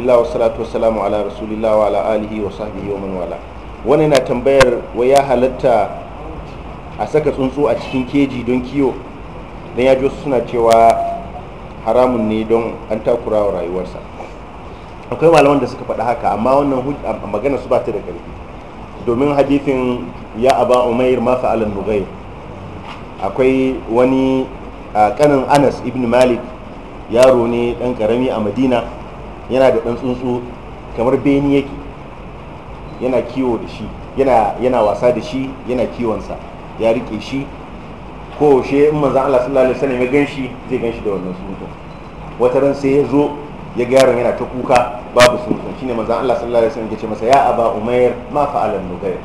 alhamdulillah wa salatu ala rasulillah wa ala alihi wa sahbihi wa man wala wani na tambayar wa ya halatta a saka tsuntsu a cikin keji don kiyo don ya ji suna cewa haramun ne don an takura wa rayuwarsa akwai malaman da suka faɗa haka amma wannan magana su ba ta da ƙarfi domin hadithin ya aba umair ma fa'alan nugai akwai wani kanin anas ibn malik yaro ne ɗan ƙarami a madina yana da ɗan tsuntsu kamar beni yake yana kiwo da shi yana wasa da shi yana kiwonsa ya rike shi ko she in manzan Allah sallallahu alaihi wasallam ya gan shi zai gan shi da wannan tsuntsu wata ran sai ya zo ya ga yaron yana ta kuka babu tsuntsu shine manzan Allah sallallahu alaihi wasallam ya ce masa ya aba umair ma fa'alan nugayr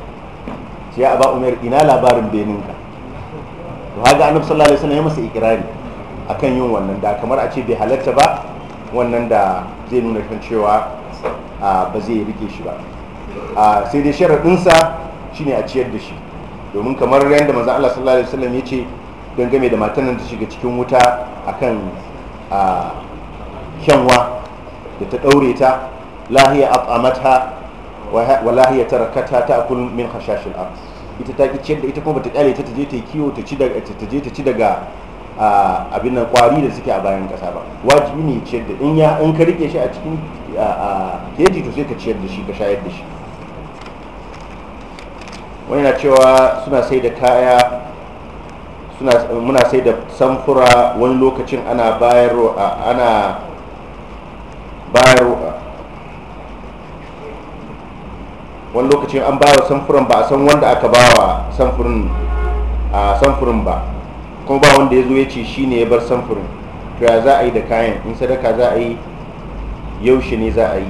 ya aba umair ina labarin beninka to haga annabi sallallahu alaihi wasallam ya masa a akan yin wannan da kamar a ce bai halatta ba wannan da zai nuna kan cewa ba zai rike shi ba sai dai sharaɗinsa shine a ciyar da shi domin kamar yadda maza Allah sallallahu alaihi wasallam ya ce don game da matan nan ta shiga cikin wuta akan kyanwa da ta ɗaure ta lahiya tsamata wa lahiya tarakata ta akul min hashashin ita ta ki ciyar da ita kuma bata kyale ta je ta kiwo ta ci daga abin nan kwari da suke a bayan kasa ba wajibi ne ciyar da in ya in ka rike shi a cikin keji to sai ka ciyar da shi ka shayar da shi wani na cewa suna sai da kaya muna sai da samfura wani lokacin ana bayar ana bayar wani lokacin an bayar samfuran ba a san wanda aka bawa samfurin ba kuma ba wanda ya zo ya ce shi ne ya bar samfurin to ya za a yi da kayan in sadaka za a yi yaushe ne za a yi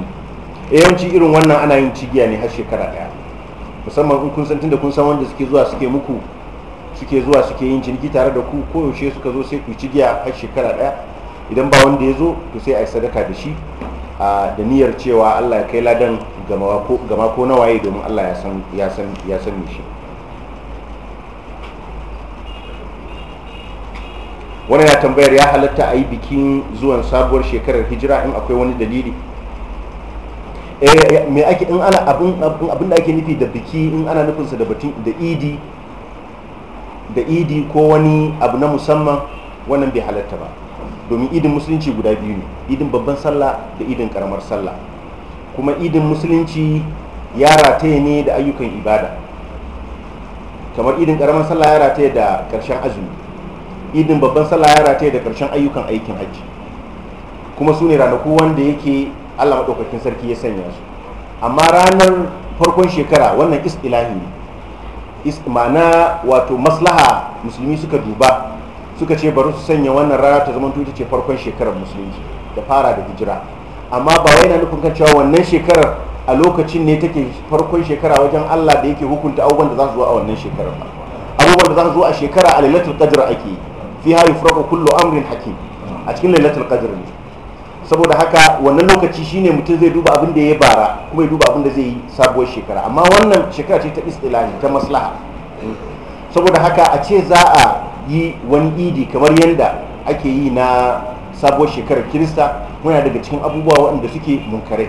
eh, yawanci irin wannan ana yin cigiya ne har shekara ɗaya musamman in kun san tunda kun san wanda suke zuwa suke muku suke zuwa suke yin ciniki tare da ku ko yaushe suka zo sai ku cigiya har shekara ɗaya idan ba wanda ya zo to sai a yi sadaka da shi da niyyar cewa allah ya kai ladan gama ko nawaye domin allah ya san shi wani na tambayar ya halatta a yi bikin zuwan sabuwar shekarar hijira in akwai wani dalili eh, eh, mai ake in ana abin da ake nufi da biki in ana nufinsa da batun idi da idi ko wani abu na musamman wannan bai halatta ba domin idin musulunci guda biyu ne idin babban sallah da idin karamar sallah kuma idin musulunci ya rataye ne da ayyukan ibada kamar idin karamar sallah ya rataye da karshen azumi idin babban sallah ya rataye da karshen ayyukan aikin hajji kuma su ne ranaku wanda yake allah maɗaukakin sarki ya sanya su amma ranar farkon shekara wannan is ilahi ne ma'ana wato maslaha musulmi suka duba suka ce bari su sanya wannan rana ta zama ita ce farkon shekarar musulunci da fara da hijira amma ba wai na nufin kan cewa wannan shekarar a lokacin ne take farkon shekara wajen allah da yake hukunta abubuwan da za su zo a wannan shekarar ba abubuwan da za su zo a shekara a lalatar qadr ake yi fiha yufraqu kullu amrin hakim a cikin lailatul qadr ne saboda haka wannan lokaci shine mutum zai duba abin da ya bara kuma ya duba abin da zai yi sabuwar shekara amma wannan shekara ce ta istilahi ta maslaha saboda haka a ce za a yi wani idi kamar yadda ake yi na sabuwar shekarar kirista muna daga cikin abubuwa waɗanda suke munkare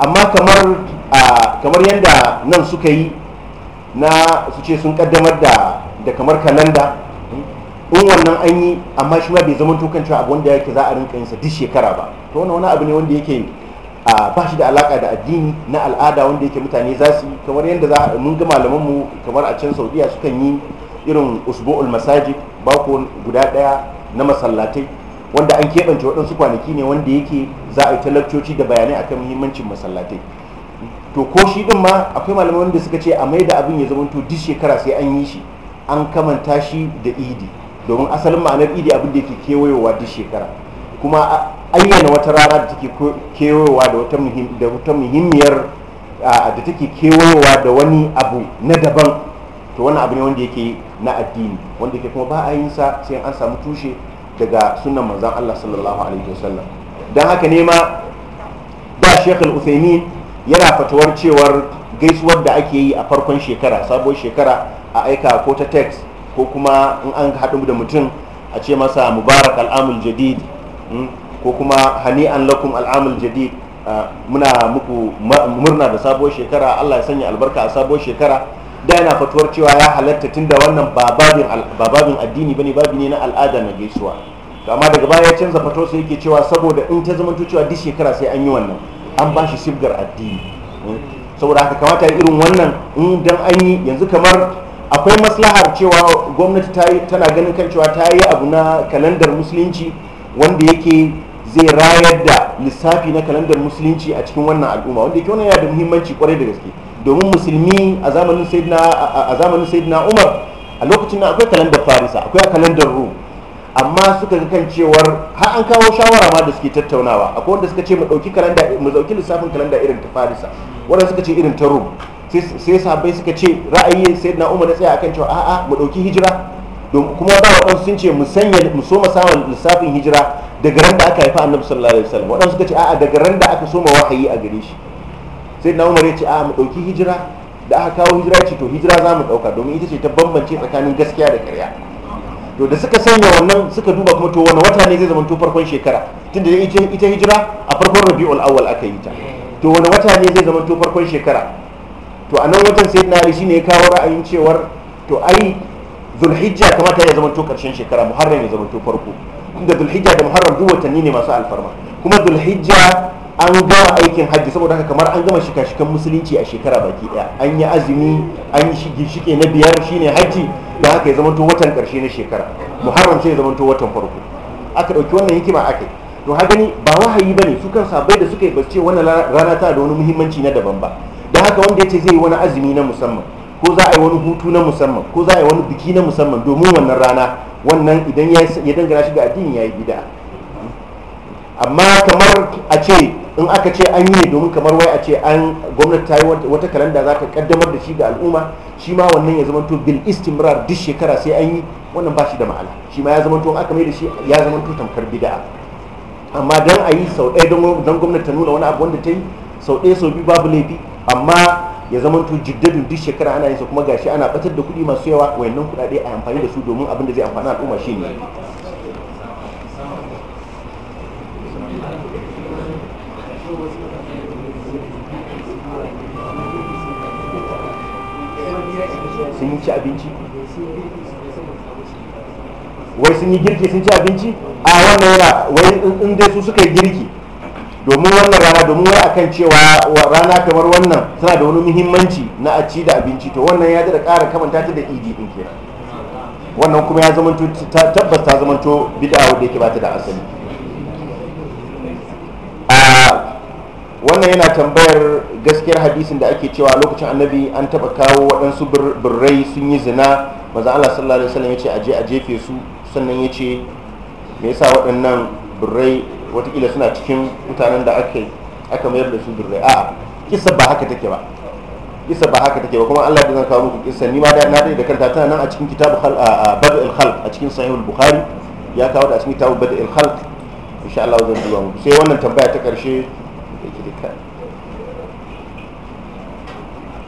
amma kamar yadda nan suka yi na su ce sun kaddamar da kamar kalanda in wannan an yi amma shi ba bai zama tukan cewa abu wanda yake za a rinka yinsa duk shekara ba to wannan wani abu ne wanda yake ba shi da alaka da addini na al'ada wanda yake mutane za su yi kamar yadda za mun ga malaman mu kamar a can saudiya sukan yi irin usbu'ul masajid bako guda daya na masallatai wanda an keɓance waɗansu kwanaki ne wanda yake za a yi talabcoci da bayanai akan muhimmancin masallatai to ko shi din ma akwai malamai wanda suka ce a mai da abin ya zama to duk shekara sai an yi shi an kamanta shi da idi domin asalin ma'anar idi abin da yake kewayowa duk shekara kuma ayyana wata rana da take kewayowa da wata muhimmiyar da take kewayowa da wani abu na daban to wani abu ne wanda yake na addini wanda yake kuma ba a yin sa sai an samu tushe daga sunan manzan Allah sallallahu alaihi wasallam don haka ne ma ba Sheikh Al-Uthaymeen yana fatawar cewar gaisuwar da ake yi a farkon shekara sabon shekara a aika ko ta text ko kuma in an haɗu da mutum a ce masa mubarak al'amul jadid hmm, ko kuma hani'an lakum al'amul jadid muna muku murna da sabuwar shekara allah ya sanya albarka a sabuwar shekara da yana fatuwar cewa ya halatta da wannan babin addini bane babi ne na al'ada na gaisuwa amma daga baya ya canza fato sai yake cewa saboda in ta zama cewa duk shekara sai an yi wannan an ba shi sibgar addini hmm. saboda haka kamata irin wannan in dan an yi yanzu kamar akwai maslahar cewa gwamnati ta tana ganin kan cewa ta yi abu na kalandar musulunci wanda yake zai rayar da lissafi na kalandar musulunci a cikin wannan al'umma wanda yake wannan yana da muhimmanci kwarai da gaske domin musulmi a zamanin sayyidina a Umar a lokacin nan akwai kalandar Farisa akwai kalandar Rum amma suka ga kan cewar har an kawo shawara ma da suke tattaunawa akwai wanda suka ce mu kalanda mu dauki lissafin kalanda irin ta Farisa wanda suka ce irin ta Rum sai sahabbai suka ce ra'ayi sai na umar a akan cewa a'a mu ɗauki hijira kuma ba wa sun ce mu sanya mu soma samun lissafin hijira daga ran da aka haifa annabi sallallahu alaihi wasallam wadanda suka ce a'a daga ran da aka soma wahayi a gare shi sai na umar ya ce a'a mu ɗauki hijira da aka kawo hijira ce to hijira za mu ɗauka domin ita ce ta bambance tsakanin gaskiya da ƙarya to da suka sanya wannan suka duba kuma to wani wata ne zai zama to farkon shekara tunda ita hijira a farkon rabi'ul awwal aka yi ta to wani wata ne zai zama to farkon shekara to a nan watan sai na shine ya kawo ra'ayin cewar to ai zulhijja kamata ya zama to karshen shekara muharram ya zama to farko inda zulhijja da muharram duk watanni ne masu alfarma kuma zulhijja an gama aikin hajji saboda haka kamar an gama shika-shikan musulunci a shekara baki daya an yi azumi an yi shige na biyar shine hajji da haka ya zama to watan karshe na shekara muharram sai ya zama to watan farko aka dauki wannan hikima aka yi to ha gani ba wahayi bane su kan sabai da suka yi bace wannan rana ta da wani muhimmanci na daban ba don haka wanda ya ce zai yi wani azumi na musamman ko za a yi wani hutu na musamman ko za a yi wani biki na musamman domin wannan rana wannan idan ya dangana shi ga addini ya yi bida amma kamar a ce in aka ce an yi ne domin kamar wai a ce an gwamnati ta yi wata kalanda za ta kaddamar da shi ga al'umma shi ma wannan ya zama to bil istimrar duk shekara sai an yi wannan ba shi da ma'ana shi ma ya zama to aka mai da shi ya zama to tamkar bida amma dan a yi sau ɗaya don gwamnati ta nuna wani abu wanda ta yi sau ɗaya sau biyu babu laifi amma ya zama to jiddadin duk shekara ana yinsa kuma gashi ana batar da kuɗi masu yawa wayannan kuɗaɗe a amfani da su domin abin da zai amfani al'umma shi ne sun yi ci abinci wai sun yi girki sun ci abinci a wannan yana wai in dai su suka yi girki domin wannan rana domin wai akan cewa rana kamar wannan tana da wani muhimmanci na a ci da abinci to wannan ya da ƙara kamanta ta da idi din kenan wannan kuma ya zamanto tabbas ta zamanto bid'a wanda yake bata da asali a wannan yana tambayar gaskiyar hadisin da ake cewa lokacin annabi an taba kawo waɗansu birrai sun yi zina maza Allah sallallahu alaihi wasallam ya ce a je a jefe su sannan ya ce me yasa waɗannan birrai watakila suna cikin mutanen da aka aka mayar da su durrai a'a kisa ba haka take ba kisa ba haka take ba kuma Allah ya zan kawo muku kisa ni ma da na da kanta tana nan a cikin kitabu al khalq a cikin al bukhari ya kawo da a cikin kitabu al khalq insha Allah zan duba muku sai wannan tambaya ta karshe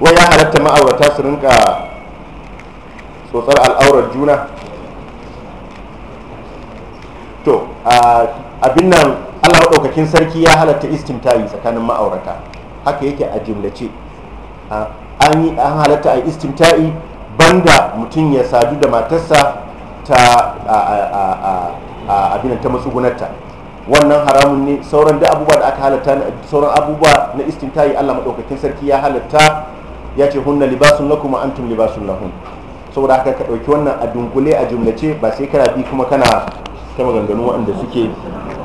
wai ya halatta ma'aurata su rinka tsotsar al'aurar juna to a abin nan Allah maɗaukakin sarki ya halatta istimta'i tsakanin ma'aurata haka yake a jimlace an yi an halatta a istimta'i banda mutum ya sadu da matarsa ta abin ta matsugunarta wannan haramun ne sauran da abubuwa da aka halatta sauran abubuwa na istimta'i Allah maɗaukakin sarki ya halatta ya ce hunna libasun lakum antum libasun lahun saboda haka ka ɗauki wannan a dunkule a jumlace ba sai kana bi kuma kana ta maganganu waɗanda suke